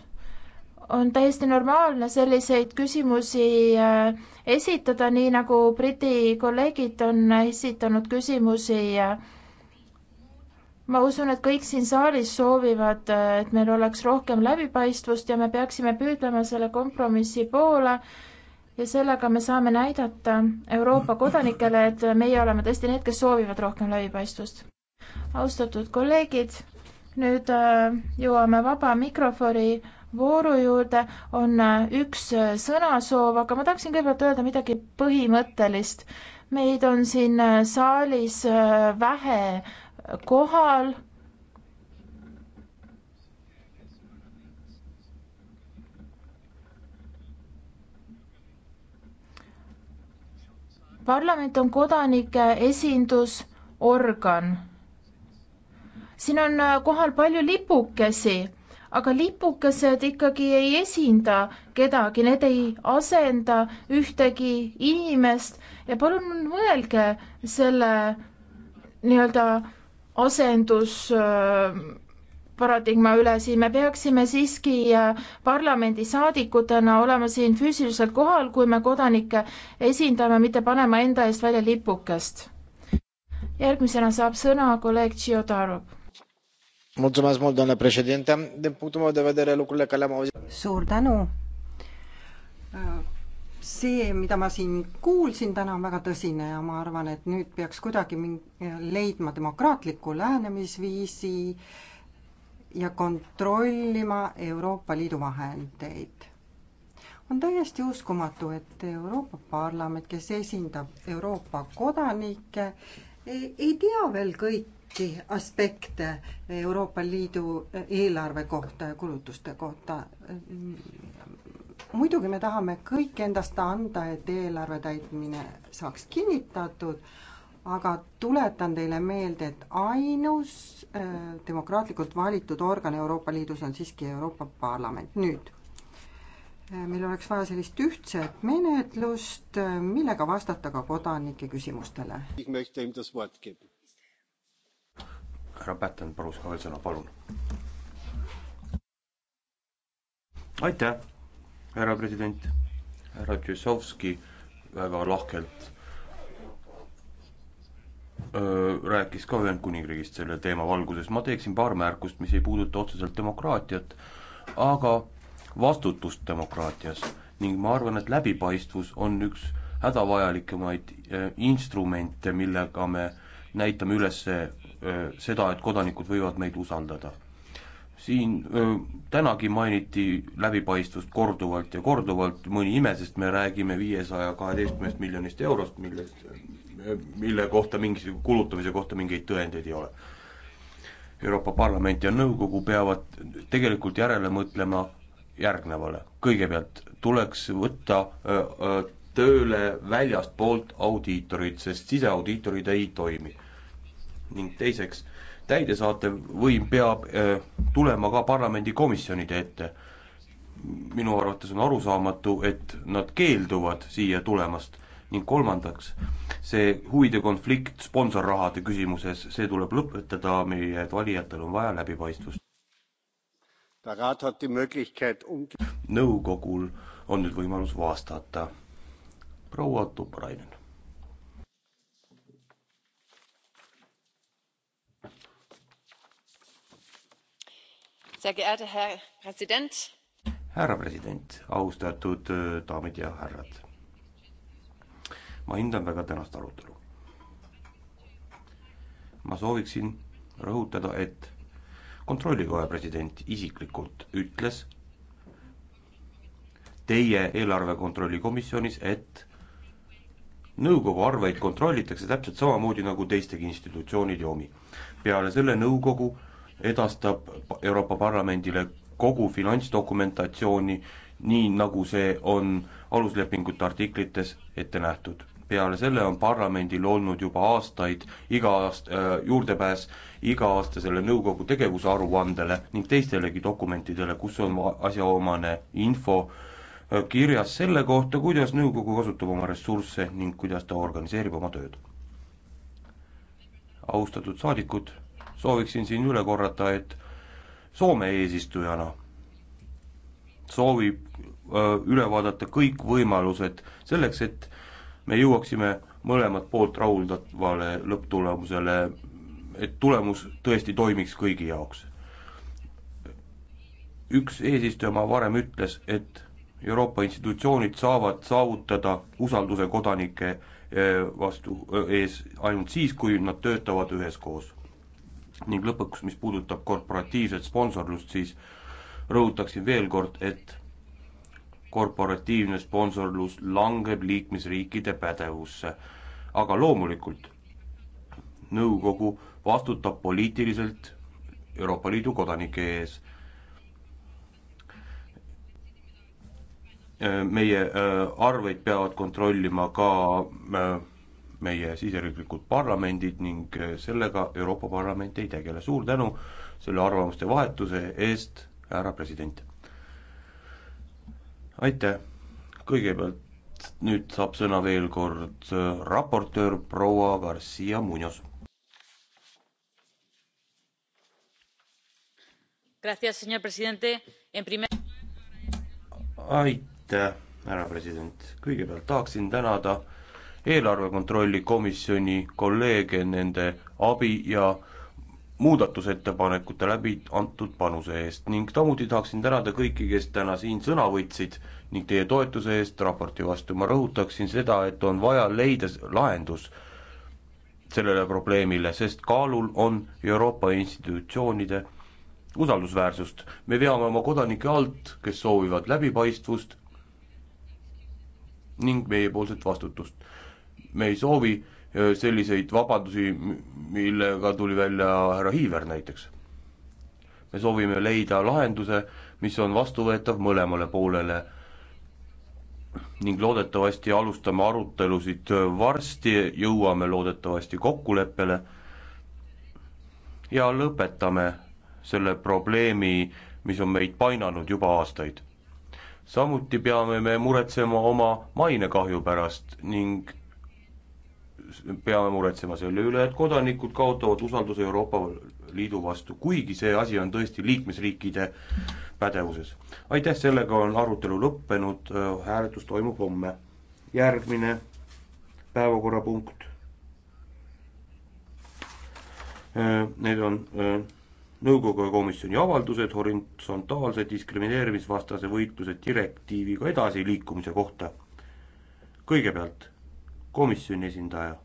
on täiesti normaalne selliseid küsimusi äh, esitada, nii nagu Briti kolleegid on esitanud küsimusi. ma usun, et kõik siin saalis soovivad, äh, et meil oleks rohkem läbipaistvust ja me peaksime püüdlema selle kompromissi poole ja sellega me saame näidata Euroopa kodanikele, et meie oleme tõesti need, kes soovivad rohkem läbipaistvust austatud kolleegid, nüüd äh, jõuame vaba mikrofoni vooru juurde, on äh, üks äh, sõnasoov, aga ma tahaksin kõigepealt öelda midagi põhimõttelist. meid on siin saalis vähe kohal. parlament on kodanike esindusorgan siin on äh, kohal palju lipukesi, aga lipukesed ikkagi ei esinda kedagi, need ei asenda ühtegi inimest ja palun mõelge selle nii-öelda asendus äh, paradigma üle, siin me peaksime siiski äh, parlamendisaadikutena olema siin füüsiliselt kohal, kui me kodanikke esindame, mitte panema enda eest välja lipukest. järgmisena saab sõna kolleeg Tšiotarov domnule președinte din punctul meu de vedere lucrurile pe care le am auzit. suur tänu! see, mida ma siin kuulsin täna, on väga tõsine ja ma arvan, et nüüd peaks kuidagi leidma demokraatliku lähenemisviisi ja kontrollima Euroopa Liidu vahendeid. on täiesti uskumatu, et Euroopa Parlament, kes esindab Euroopa kodanikke, ei tea veel kõik kõiki aspekte Euroopa Liidu eelarve kohta ja kulutuste kohta. muidugi me tahame kõik endast anda, et eelarve täitmine saaks kinnitatud, aga tuletan teile meelde, et ainus äh, demokraatlikult valitud organ Euroopa Liidus on siiski Euroopa Parlament. nüüd äh, meil oleks vaja sellist ühtset menetlust, äh, millega vastata ka kodanike küsimustele härra Pätten, palus ka veel sõna, palun. aitäh, härra president, härra Tšesovski väga lahkelt öö, rääkis ka Ühendkuningriigist selle teema valguses, ma teeksin paar märkust, mis ei puuduta otseselt demokraatiat, aga vastutust demokraatias ning ma arvan, et läbipaistvus on üks hädavajalikemaid äh, instrumente, millega me näitame üles Äh, seda, et kodanikud võivad meid usaldada. siin äh, tänagi mainiti läbipaistvust korduvalt ja korduvalt, mõni ime, sest me räägime viiesaja kaheteistkümnest miljonist eurost, millest, äh, mille kohta mingisuguse kulutamise kohta mingeid tõendeid ei ole. Euroopa Parlament ja Nõukogu peavad tegelikult järele mõtlema järgnevale. kõigepealt tuleks võtta öö, öö, tööle väljastpoolt audiitorid, sest siseaudiitorid ei toimi ning teiseks, täidesaatev võim peab äh, tulema ka parlamendikomisjonide ette. minu arvates on arusaamatu, et nad keelduvad siia tulemast ning kolmandaks, see huvide konflikt sponsorrahade küsimuses, see tuleb lõpetada, meie valijatel on vaja läbipaistvust. Um- nõukogul on nüüd võimalus vastata. proua Tuppurainen härra president, austatud äh, daamid ja härrad. ma hindan väga tänast arutelu. ma sooviksin rõhutada, et kontrollikoja president isiklikult ütles teie eelarve kontrolli komisjonis, et nõukogu arveid kontrollitakse täpselt samamoodi nagu teistegi institutsioonide omi. peale selle nõukogu edastab Euroopa Parlamendile kogu finantsdokumentatsiooni, nii nagu see on aluslepingute artiklites ette nähtud. peale selle on parlamendil olnud juba aastaid iga aast- äh,, juurdepääs iga-aastasele nõukogu tegevuse aruandele ning teistelegi dokumentidele, kus on asjaomane info äh, kirjas selle kohta, kuidas nõukogu kasutab oma ressursse ning kuidas ta organiseerib oma tööd. austatud saadikud sooviksin siin üle korrata, et Soome eesistujana soovib öö, üle vaadata kõik võimalused selleks, et me jõuaksime mõlemat poolt rahuldavale lõpptulemusele, et tulemus tõesti toimiks kõigi jaoks. üks eesistujamaa varem ütles, et Euroopa institutsioonid saavad saavutada usalduse kodanike vastu, ees ainult siis, kui nad töötavad üheskoos ning lõpuks, mis puudutab korporatiivset sponsorlust, siis rõhutaksin veel kord, et korporatiivne sponsorlus langeb liikmesriikide pädevusse. aga loomulikult nõukogu vastutab poliitiliselt Euroopa Liidu kodanike ees. meie äh, arveid peavad kontrollima ka äh, meie siseriiklikud parlamendid ning eh, sellega Euroopa Parlament ei tegele. suur tänu selle arvamuste vahetuse eest, härra president! aitäh, kõigepealt nüüd saab sõna veel kord eh, raportöör proua Garcia Munoz. aitäh, härra president, kõigepealt tahaksin tänada eelarve kontrolli komisjoni kolleege nende abi ja muudatusettepanekute läbi antud panuse eest ning samuti tahaksin tänada kõiki, kes täna siin sõna võtsid ning teie toetuse eest raporti vastu. ma rõhutaksin seda, et on vaja leida lahendus sellele probleemile, sest kaalul on Euroopa institutsioonide usaldusväärsust. me veame oma kodanike alt, kes soovivad läbipaistvust ning meiepoolset vastutust me ei soovi äh, selliseid vabandusi, millega tuli välja härra Hiiver näiteks. me soovime leida lahenduse, mis on vastuvõetav mõlemale poolele ning loodetavasti alustame arutelusid varsti, jõuame loodetavasti kokkuleppele ja lõpetame selle probleemi, mis on meid painanud juba aastaid. samuti peame me muretsema oma mainekahju pärast ning peame muretsema selle üle, et kodanikud kaotavad usalduse Euroopa Liidu vastu, kuigi see asi on tõesti liikmesriikide pädevuses. aitäh, sellega on arutelu lõppenud, hääletus toimub homme. järgmine päevakorrapunkt. Need on nõukogu ja komisjoni avaldused horisontaalse diskrimineerimisvastase võitluse direktiiviga edasiliikumise kohta. kõigepealt komisjoni esindaja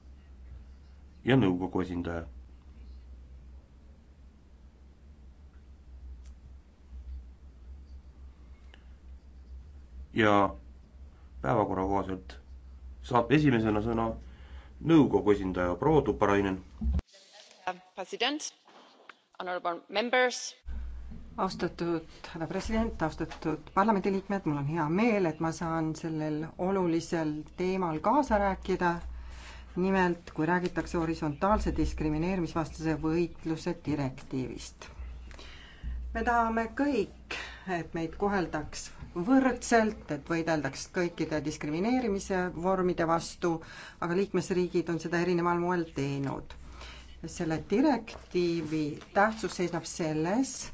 ja nõukogu esindaja. ja päevakorra kohaselt saab esimesena sõna nõukogu esindaja proua Tupparainen. president, honorable members austatud härra president, austatud parlamendiliikmed, mul on hea meel, et ma saan sellel olulisel teemal kaasa rääkida. nimelt, kui räägitakse horisontaalse diskrimineerimisvastase võitluse direktiivist. me tahame kõik, et meid koheldaks võrdselt, et võideldaks kõikide diskrimineerimise vormide vastu, aga liikmesriigid on seda erineval moel teinud. selle direktiivi tähtsus seisneb selles,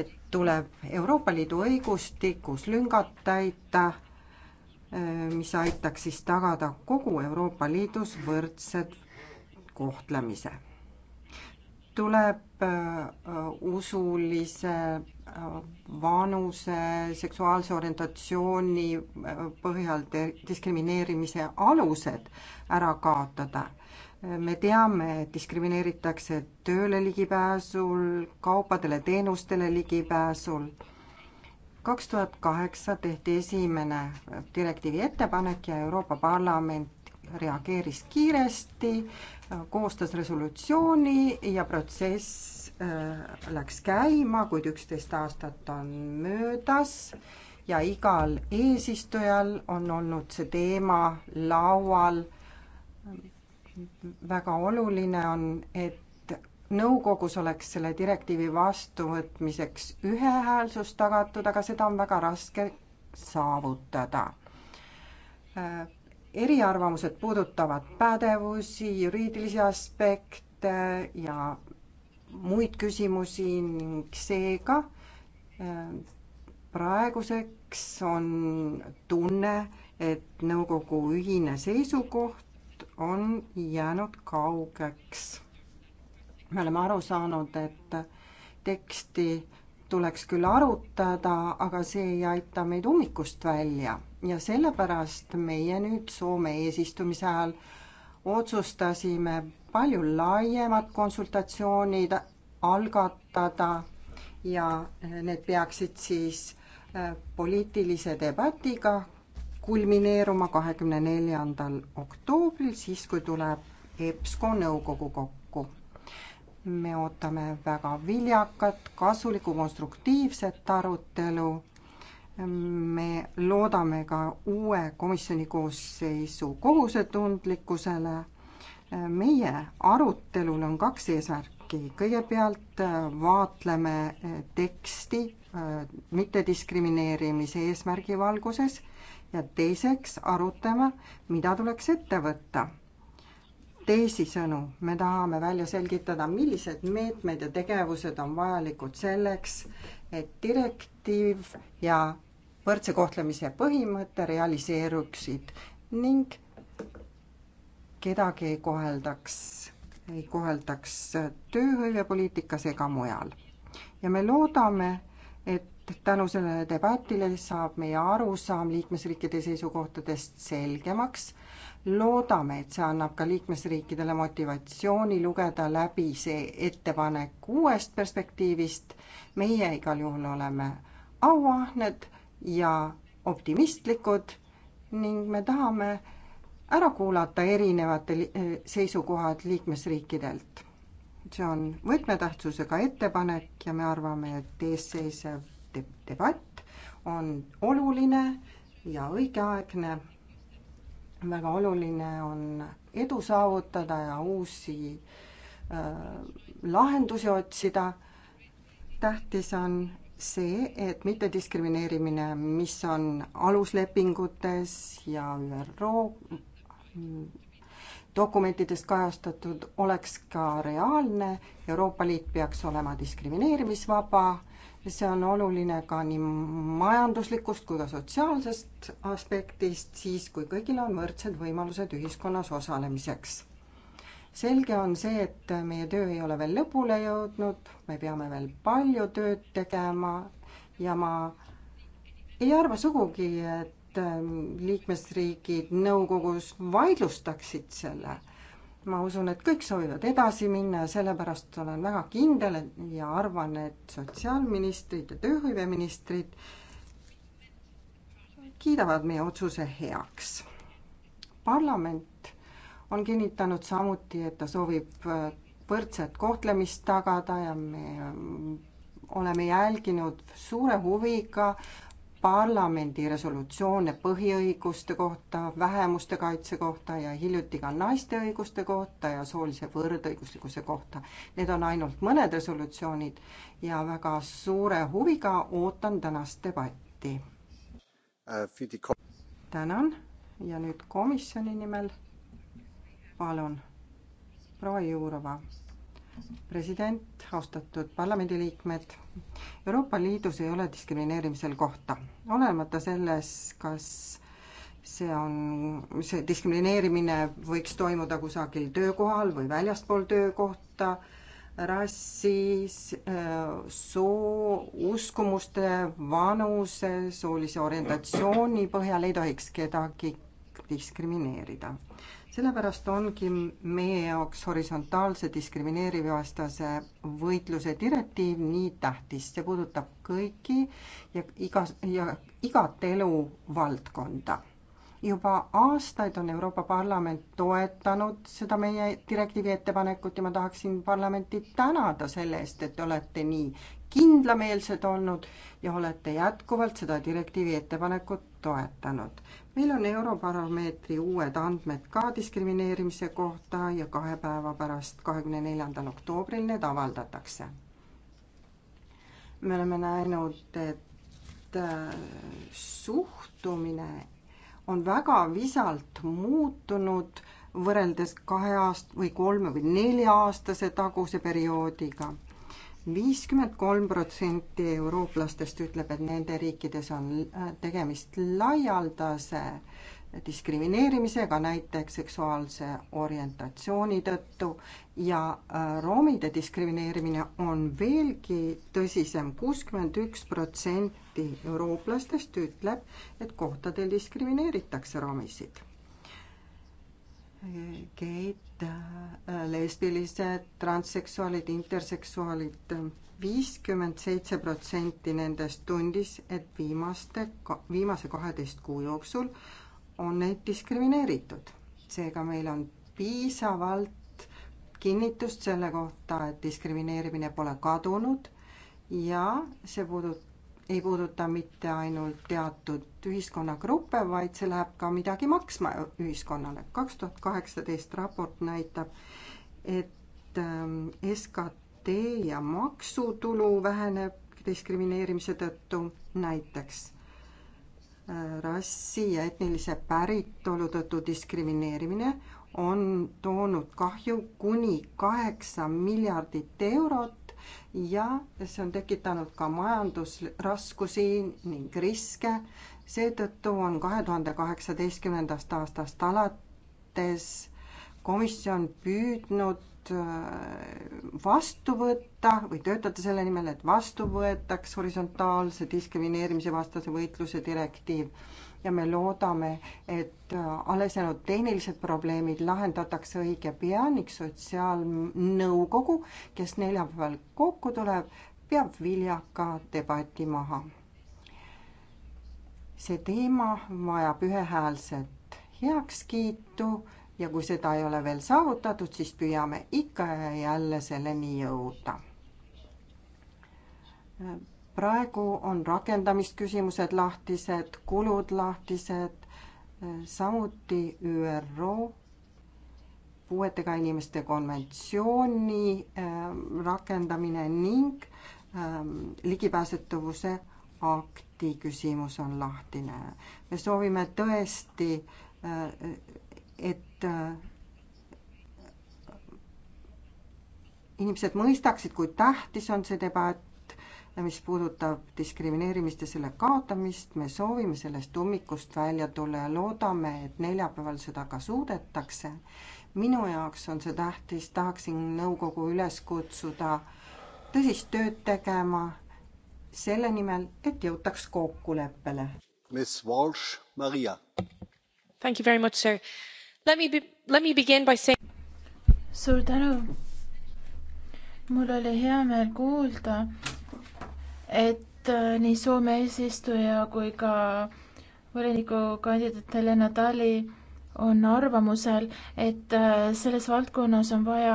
et tuleb Euroopa Liidu õigustikus lüngad täita, äh, mis aitaks siis tagada kogu Euroopa Liidus võrdsed kohtlemise. tuleb äh, usulise äh, vanuse, seksuaalse orientatsiooni põhjal diskrimineerimise alused ära kaotada me teame, et diskrimineeritakse tööle ligipääsul, kaupadele, teenustele ligipääsul. kaks tuhat kaheksa tehti esimene direktiivi ettepanek ja Euroopa Parlament reageeris kiiresti, koostas resolutsiooni ja protsess äh, läks käima, kuid üksteist aastat on möödas ja igal eesistujal on olnud see teema laual väga oluline on, et nõukogus oleks selle direktiivi vastuvõtmiseks ühehäälsus tagatud, aga seda on väga raske saavutada. Äh, eriarvamused puudutavad pädevusi, juriidilisi aspekte ja muid küsimusi ning seega äh, praeguseks on tunne, et nõukogu ühine seisukoht on jäänud kaugeks. me oleme aru saanud, et teksti tuleks küll arutada, aga see ei aita meid ummikust välja ja sellepärast meie nüüd Soome eesistumise ajal otsustasime palju laiemad konsultatsioonid algatada ja need peaksid siis äh, poliitilise debatiga kulmineeruma kahekümne neljandal oktoobril, siis kui tuleb EBSCO nõukogu kokku. me ootame väga viljakat, kasulikku, konstruktiivset arutelu. me loodame ka uue komisjoni koosseisu kohusetundlikkusele. meie arutelul on kaks eesmärki, kõigepealt äh, vaatleme teksti äh, mittediskrimineerimise eesmärgi valguses ja teiseks arutame, mida tuleks ette võtta. teisisõnu, me tahame välja selgitada, millised meetmed ja tegevused on vajalikud selleks, et direktiiv ja võrdse kohtlemise põhimõte realiseeruksid ning kedagi ei koheldaks, ei koheldaks tööhõivepoliitikas ega mujal. ja me loodame, et tänu sellele debatile saab meie arusaam liikmesriikide seisukohtadest selgemaks. loodame, et see annab ka liikmesriikidele motivatsiooni lugeda läbi see ettepanek uuest perspektiivist. meie igal juhul oleme auahned ja optimistlikud ning me tahame ära kuulata erinevate eh, seisukohad liikmesriikidelt. see on võtmetähtsusega ettepanek ja me arvame, et ees seisev debatt on oluline ja õigeaegne. väga oluline on edu saavutada ja uusi äh, lahendusi otsida. tähtis on see, et mittediskrimineerimine, mis on aluslepingutes ja ÜRO mm, dokumentides kajastatud, oleks ka reaalne. Euroopa Liit peaks olema diskrimineerimisvaba see on oluline ka nii majanduslikust kui ka sotsiaalsest aspektist, siis kui kõigil on võrdsed võimalused ühiskonnas osalemiseks. selge on see, et meie töö ei ole veel lõpule jõudnud, me peame veel palju tööd tegema ja ma ei arva sugugi, et liikmesriigid nõukogus vaidlustaksid selle ma usun, et kõik soovivad edasi minna ja sellepärast olen väga kindel ja arvan, et sotsiaalministrid ja tööhõiveministrid kiidavad meie otsuse heaks. parlament on kinnitanud samuti, et ta soovib äh, võrdset kohtlemist tagada ja me äh, oleme jälginud suure huviga parlamendi resolutsioone põhiõiguste kohta, vähemuste kaitse kohta ja hiljuti ka naiste õiguste kohta ja soolise võrdõiguslikkuse kohta. Need on ainult mõned resolutsioonid ja väga suure huviga ootan tänast debatti. tänan ja nüüd komisjoni nimel palun, proua Jurova president, austatud parlamendiliikmed. Euroopa Liidus ei ole diskrimineerimisel kohta, olenemata selles, kas see on, see diskrimineerimine võiks toimuda kusagil töökohal või väljaspool töökohta, rassis, soo, uskumuste, vanuse, soolise orientatsiooni põhjal ei tohiks kedagi diskrimineerida. sellepärast ongi meie jaoks horisontaalse diskrimineerivastase võitluse direktiiv nii tähtis, see puudutab kõiki ja igas ja igat eluvaldkonda juba aastaid on Euroopa Parlament toetanud seda meie direktiivi ettepanekut ja ma tahaksin parlamenti tänada selle eest, et te olete nii kindlameelsed olnud ja olete jätkuvalt seda direktiivi ettepanekut toetanud. meil on Eurobaromeetri uued andmed ka diskrimineerimise kohta ja kahe päeva pärast, kahekümne neljandal oktoobril need avaldatakse. me oleme näinud, et äh, suhtumine on väga visalt muutunud võrreldes kahe aast- või kolme või nelja aastase taguse perioodiga viiskümmend kolm protsenti eurooplastest ütleb, et nende riikides on äh, tegemist laialdase diskrimineerimisega, näiteks seksuaalse orientatsiooni tõttu ja äh, roomide diskrimineerimine on veelgi tõsisem, kuuskümmend üks protsenti eurooplastest ütleb, et kohtadel diskrimineeritakse romisid geid, äh, lesbilised, transseksuaalid, interseksuaalid. viiskümmend seitse protsenti nendest tundis, et viimaste, viimase kaheteist kuu jooksul on neid diskrimineeritud. seega meil on piisavalt kinnitust selle kohta, et diskrimineerimine pole kadunud ja see puudutab ei puuduta mitte ainult teatud ühiskonnagruppe, vaid see läheb ka midagi maksma ühiskonnale. kaks tuhat kaheksateist raport näitab, et ähm, SKT ja maksutulu väheneb diskrimineerimise tõttu, näiteks äh, rassi ja etnilise päritolu tõttu diskrimineerimine on toonud kahju kuni kaheksa miljardit eurot ja see on tekitanud ka majandusraskusi ning riske. seetõttu on kahe tuhande kaheksateistkümnendast aastast alates komisjon püüdnud äh, vastu võtta või töötada selle nimel, et vastu võetaks horisontaalse diskrimineerimise vastase võitluse direktiiv ja me loodame, et äh, alles jäänud tehnilised probleemid lahendatakse õige pea ning sotsiaalnõukogu, kes neljapäeval kokku tuleb, peab viljaka debati maha. see teema vajab ühehäälset heakskiitu ja kui seda ei ole veel saavutatud, siis püüame ikka ja jälle selleni jõuda äh, praegu on rakendamisküsimused lahtised, kulud lahtised, samuti ÜRO puuetega inimeste konventsiooni ähm, rakendamine ning ähm, ligipääsetavuse akti küsimus on lahtine. me soovime tõesti, äh, et äh, inimesed mõistaksid, kui tähtis on see debatt, mis puudutab diskrimineerimist ja selle kaotamist, me soovime sellest ummikust välja tulla ja loodame, et neljapäeval seda ka suudetakse. minu jaoks on see tähtis, tahaksin nõukogu üles kutsuda tõsist tööd tegema selle nimel, et jõutaks kokkuleppele. Miss Walsh, Maria. Thank you very much, sir. Let me be, let me begin by saying. suur tänu. mul oli hea meel kuulda et äh, nii Soome eesistuja kui ka volinikukandidaat Helena Tali on arvamusel, et äh, selles valdkonnas on vaja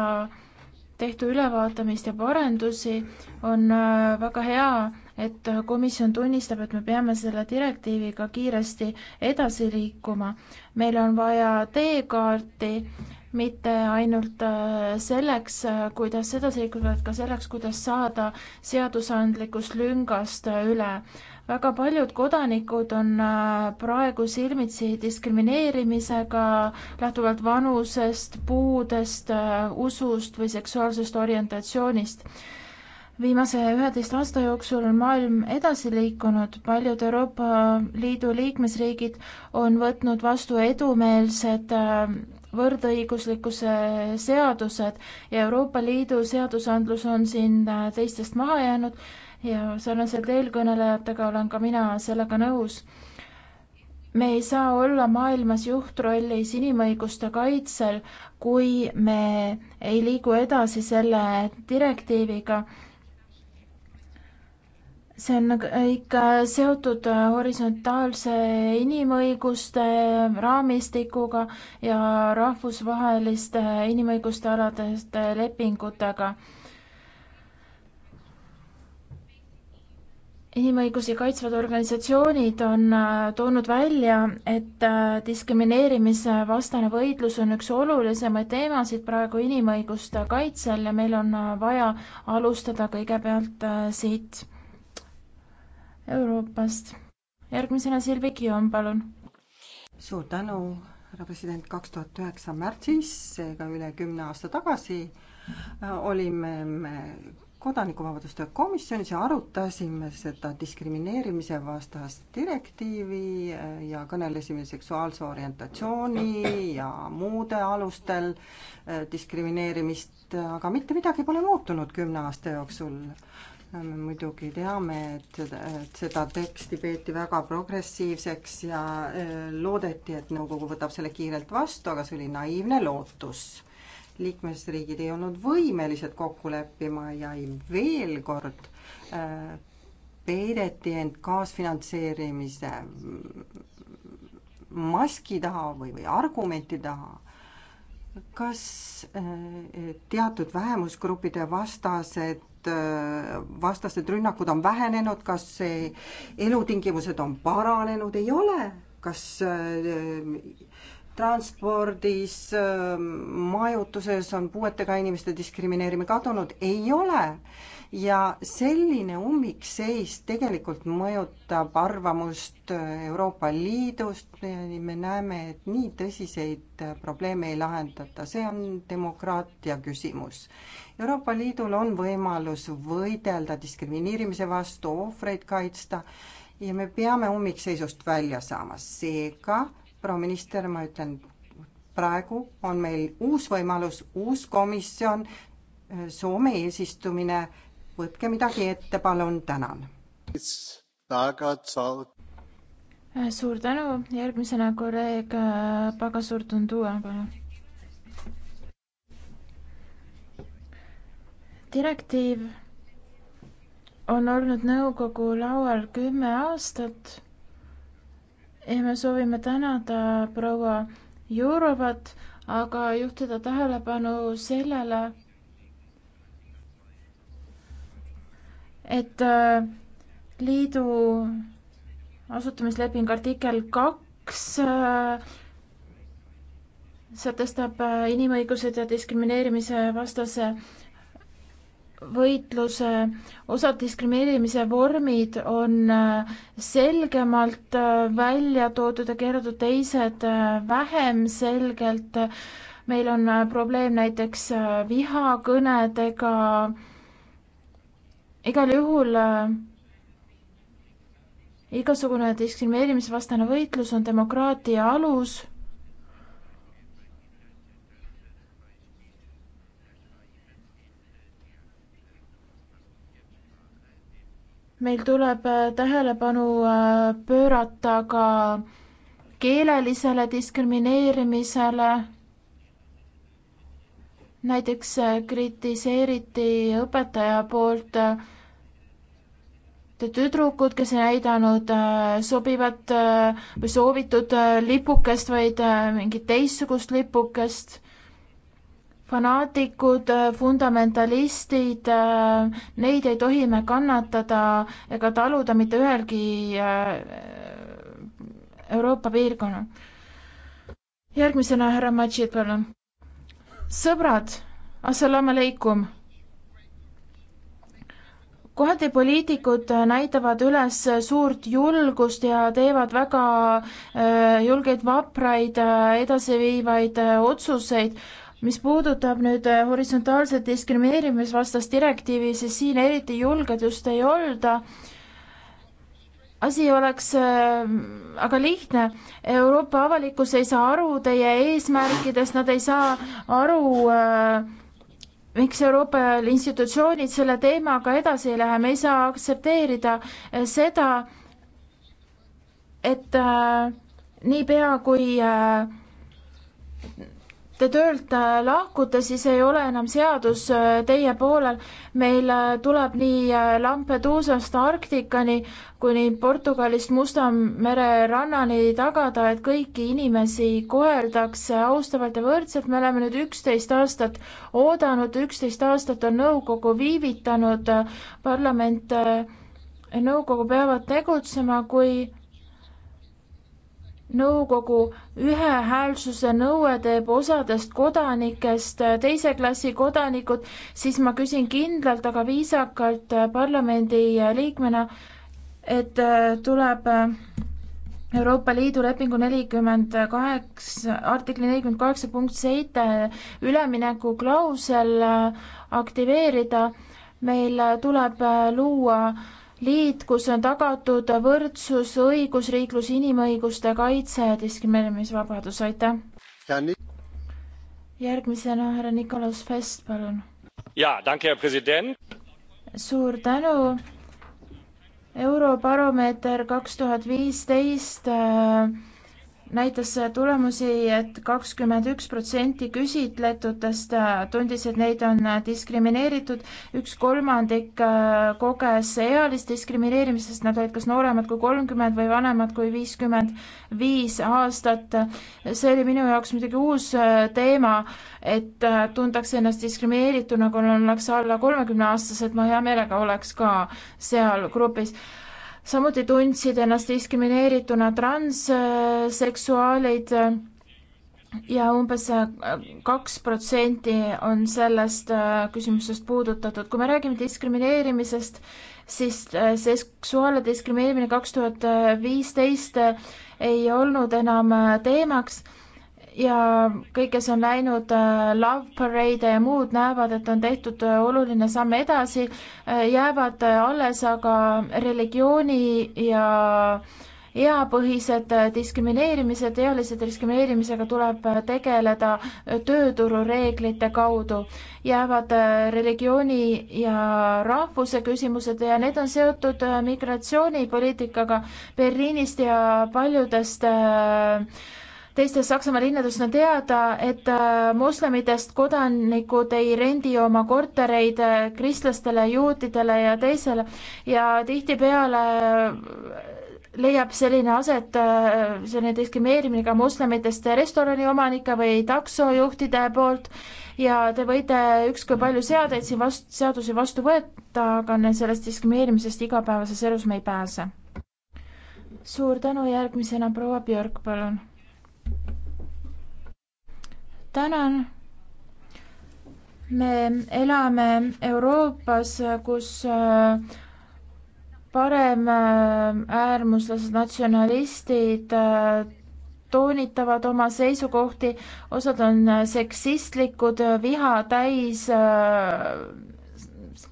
tehtu ülevaatamist ja parendusi. on äh, väga hea, et komisjon tunnistab, et me peame selle direktiiviga kiiresti edasi liikuma. meil on vaja teekaarti mitte ainult äh, selleks, äh, kuidas edasi liikuda, vaid ka selleks, kuidas saada seadusandlikust lüngast äh, üle. väga paljud kodanikud on praegu silmitsi diskrimineerimisega lähtuvalt vanusest, puudest, usust või seksuaalsest orientatsioonist viimase üheteist aasta jooksul on maailm edasi liikunud, paljud Euroopa Liidu liikmesriigid on võtnud vastu edumeelsed võrdõiguslikkuse seadused ja Euroopa Liidu seadusandlus on siin äh, teistest maha jäänud ja sarnaselt eelkõnelejatega olen ka mina sellega nõus. me ei saa olla maailmas juhtrollis inimõiguste kaitsel, kui me ei liigu edasi selle direktiiviga see on nagu ikka seotud äh, horisontaalse inimõiguste raamistikuga ja rahvusvaheliste äh, inimõiguste aladeste äh, lepingutega. inimõigusi kaitsvad organisatsioonid on toonud välja, et diskrimineerimise vastane võitlus on üks olulisemaid teemasid praegu inimõiguste kaitsel ja meil on vaja alustada kõigepealt siit Euroopast. järgmisena Silvi Kion, palun. suur tänu, härra president, kaks tuhat üheksa märtsis, seega üle kümne aasta tagasi äh, olime me kodanikuvabaduste komisjonis ja arutasime seda diskrimineerimise vastast direktiivi äh, ja kõnelesime seksuaalse orientatsiooni ja muude alustel äh, diskrimineerimist, aga mitte midagi pole muutunud kümne aasta jooksul me muidugi teame, et seda, et seda teksti peeti väga progressiivseks ja äh, loodeti, et nõukogu võtab selle kiirelt vastu, aga see oli naiivne lootus. liikmesriigid ei olnud võimelised kokku leppima ja veel kord äh, peideti end kaasfinantseerimise maski taha või, või argumenti taha kas äh, teatud vähemusgruppide vastased Äh, vastased rünnakud on vähenenud, kas elutingimused on paranenud, ei ole, kas äh, transpordis, äh, majutuses on puuetega inimeste diskrimineerimine kadunud, ei ole ja selline ummikseis tegelikult mõjutab arvamust Euroopa Liidust, me näeme, et nii tõsiseid probleeme ei lahendata, see on demokraatia küsimus. Euroopa Liidul on võimalus võidelda diskrimineerimise vastu, ohvreid kaitsta ja me peame ummikseisust välja saama, seega proua minister, ma ütlen, praegu on meil uus võimalus, uus komisjon, Soome eesistumine võtke midagi ette, palun, tänan. suur tänu, järgmisena kolleeg Pagasur Tundua, palun. direktiiv on olnud nõukogu laual kümme aastat ja me soovime tänada proua Jurovat, aga juhtida tähelepanu sellele, et äh, liidu asutamisleping artikkel kaks äh, sätestab äh, inimõigused ja diskrimineerimise vastase võitluse osad diskrimineerimise vormid on selgemalt välja toodud ja keelatud, teised vähem selgelt. meil on probleem näiteks vihakõnedega igal juhul äh, igasugune diskrimineerimisvastane võitlus on demokraatia alus meil tuleb äh, tähelepanu äh, pöörata ka keelelisele diskrimineerimisele näiteks äh, kritiseeriti õpetaja poolt äh, tüdrukut, kes ei näidanud äh, sobivat või soovitud lipukest, vaid mingit teistsugust lipukest fanaatikud, fundamentalistid, neid ei tohi me kannatada ega taluda mitte ühelgi Euroopa piirkonnal. järgmisena härra Matšid, palun sõbrad, assalamu alaikum. kohati poliitikud näitavad üles suurt julgust ja teevad väga äh, julgeid, vapraid, äh, edasiviivaid äh, otsuseid mis puudutab nüüd horisontaalset diskrimineerimisvastast direktiivi, siis siin eriti julged just ei olda äh, asi oleks ähm, aga lihtne. Euroopa avalikkus ei saa aru teie eesmärkidest, nad ei saa aru äh, miks Euroopa institutsioonid selle teemaga edasi ei lähe, me ei saa aktsepteerida äh, seda, et äh, niipea kui te töölt äh, lahkute, siis ei ole enam seadus äh, teie poolel. meil äh, tuleb nii Lampeduusast Arktikani kuni Portugalist Musta mere rannani tagada, et kõiki inimesi koheldakse austavalt ja võrdselt. me oleme nüüd üksteist aastat oodanud, üksteist aastat on nõukogu viivitanud, parlament, nõukogu peavad tegutsema, kui nõukogu ühehäälsuse nõue teeb osadest kodanikest teise klassi kodanikud, siis ma küsin kindlalt, aga viisakalt parlamendi liikmena, et äh, tuleb äh, Euroopa Liidu lepingu nelikümmend kaheksa, artikli nelikümmend kaheksa punkt seitse üleminekuklausel äh, aktiveerida, meil tuleb luua liit, kus on tagatud võrdsus, õigusriiklus, inimõiguste kaitse ja diskrimineerimisvabadus, aitäh! järgmisena härra Nikolaus Fest, palun. jaa, tänke, härra president! suur tänu! eurobaromeeter kaks tuhat viisteist äh, näitas tulemusi et, et kakskümmend üks protsenti küsitletutest äh, tundis, et neid on äh, diskrimineeritud, üks kolmandik äh, koges ealist diskrimineerimist, sest nad olid kas nooremad kui kolmkümmend või vanemad kui viiskümmend viis aastat. see oli minu jaoks muidugi uus teema, et tuntakse ennast diskrimineerituna, nagu kui ollakse alla kolmekümne aastased, ma hea meelega oleks ka seal grupis samuti tundsid ennast diskrimineerituna transseksuaalid ja umbes kaks protsenti on sellest äh, küsimusest puudutatud. kui me räägime diskrimineerimisest, siis äh, seksuaalne diskrimineerimine kaks tuhat äh, viisteist ei olnud enam teemaks ja kõik, kes on läinud äh, Love Parade'e ja muud, näevad, et on tehtud äh, oluline samm edasi, äh, jäävad alles aga religiooni ja eapõhised diskrimineerimised, ealise diskrimineerimisega tuleb tegeleda tööturureeglite kaudu. jäävad religiooni ja rahvuse küsimused ja need on seotud migratsioonipoliitikaga Berliinist ja paljudest äh, teistes Saksamaa linnades on teada, et äh, moslemitest kodanikud ei rendi oma kortereid äh, kristlastele, juutidele ja teisele ja tihtipeale äh, leiab selline aset, selline diskrimineerimine ka moslemitest restorani omanike või taksojuhtide poolt ja te võite ükskõik palju seadeid siin vastu, seadusi vastu võtta, aga sellest diskrimineerimisest igapäevases elus me ei pääse. suur tänu, järgmisena proua Björk, palun tänan. me elame Euroopas, kus äh, paremäärmuslased, äh, natsionalistid äh, toonitavad oma seisukohti, osad on seksistlikud, viha täis,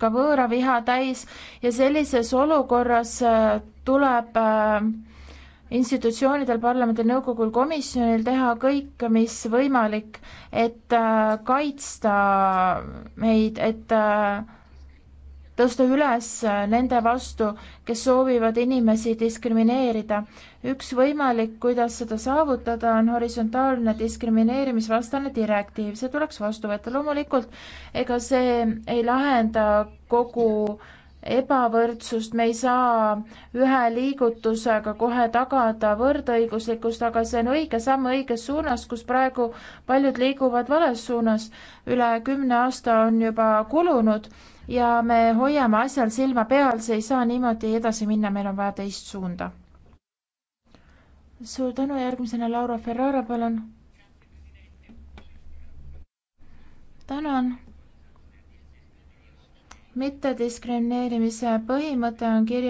ka võõraviha täis ja sellises olukorras tuleb äh, institutsioonidel, parlamendil, nõukogul, komisjonil teha kõik, mis võimalik, et äh, kaitsta meid, et äh, tõsta üles äh, nende vastu, kes soovivad inimesi diskrimineerida. üks võimalik, kuidas seda saavutada, on horisontaalne diskrimineerimisvastane direktiiv, see tuleks vastu võtta. loomulikult ega see ei lahenda kogu äh, ebavõrdsust, me ei saa ühe liigutusega kohe tagada võrdõiguslikkust, aga see on õige samm õiges suunas, kus praegu paljud liiguvad vales suunas. üle kümne aasta on juba kulunud ja me hoiame asjal silma peal, see ei saa niimoodi edasi minna, meil on vaja teist suunda. suur tänu, järgmisena Laura Ferrara, palun. tänan mittediskrimineerimise põhimõte on kirjas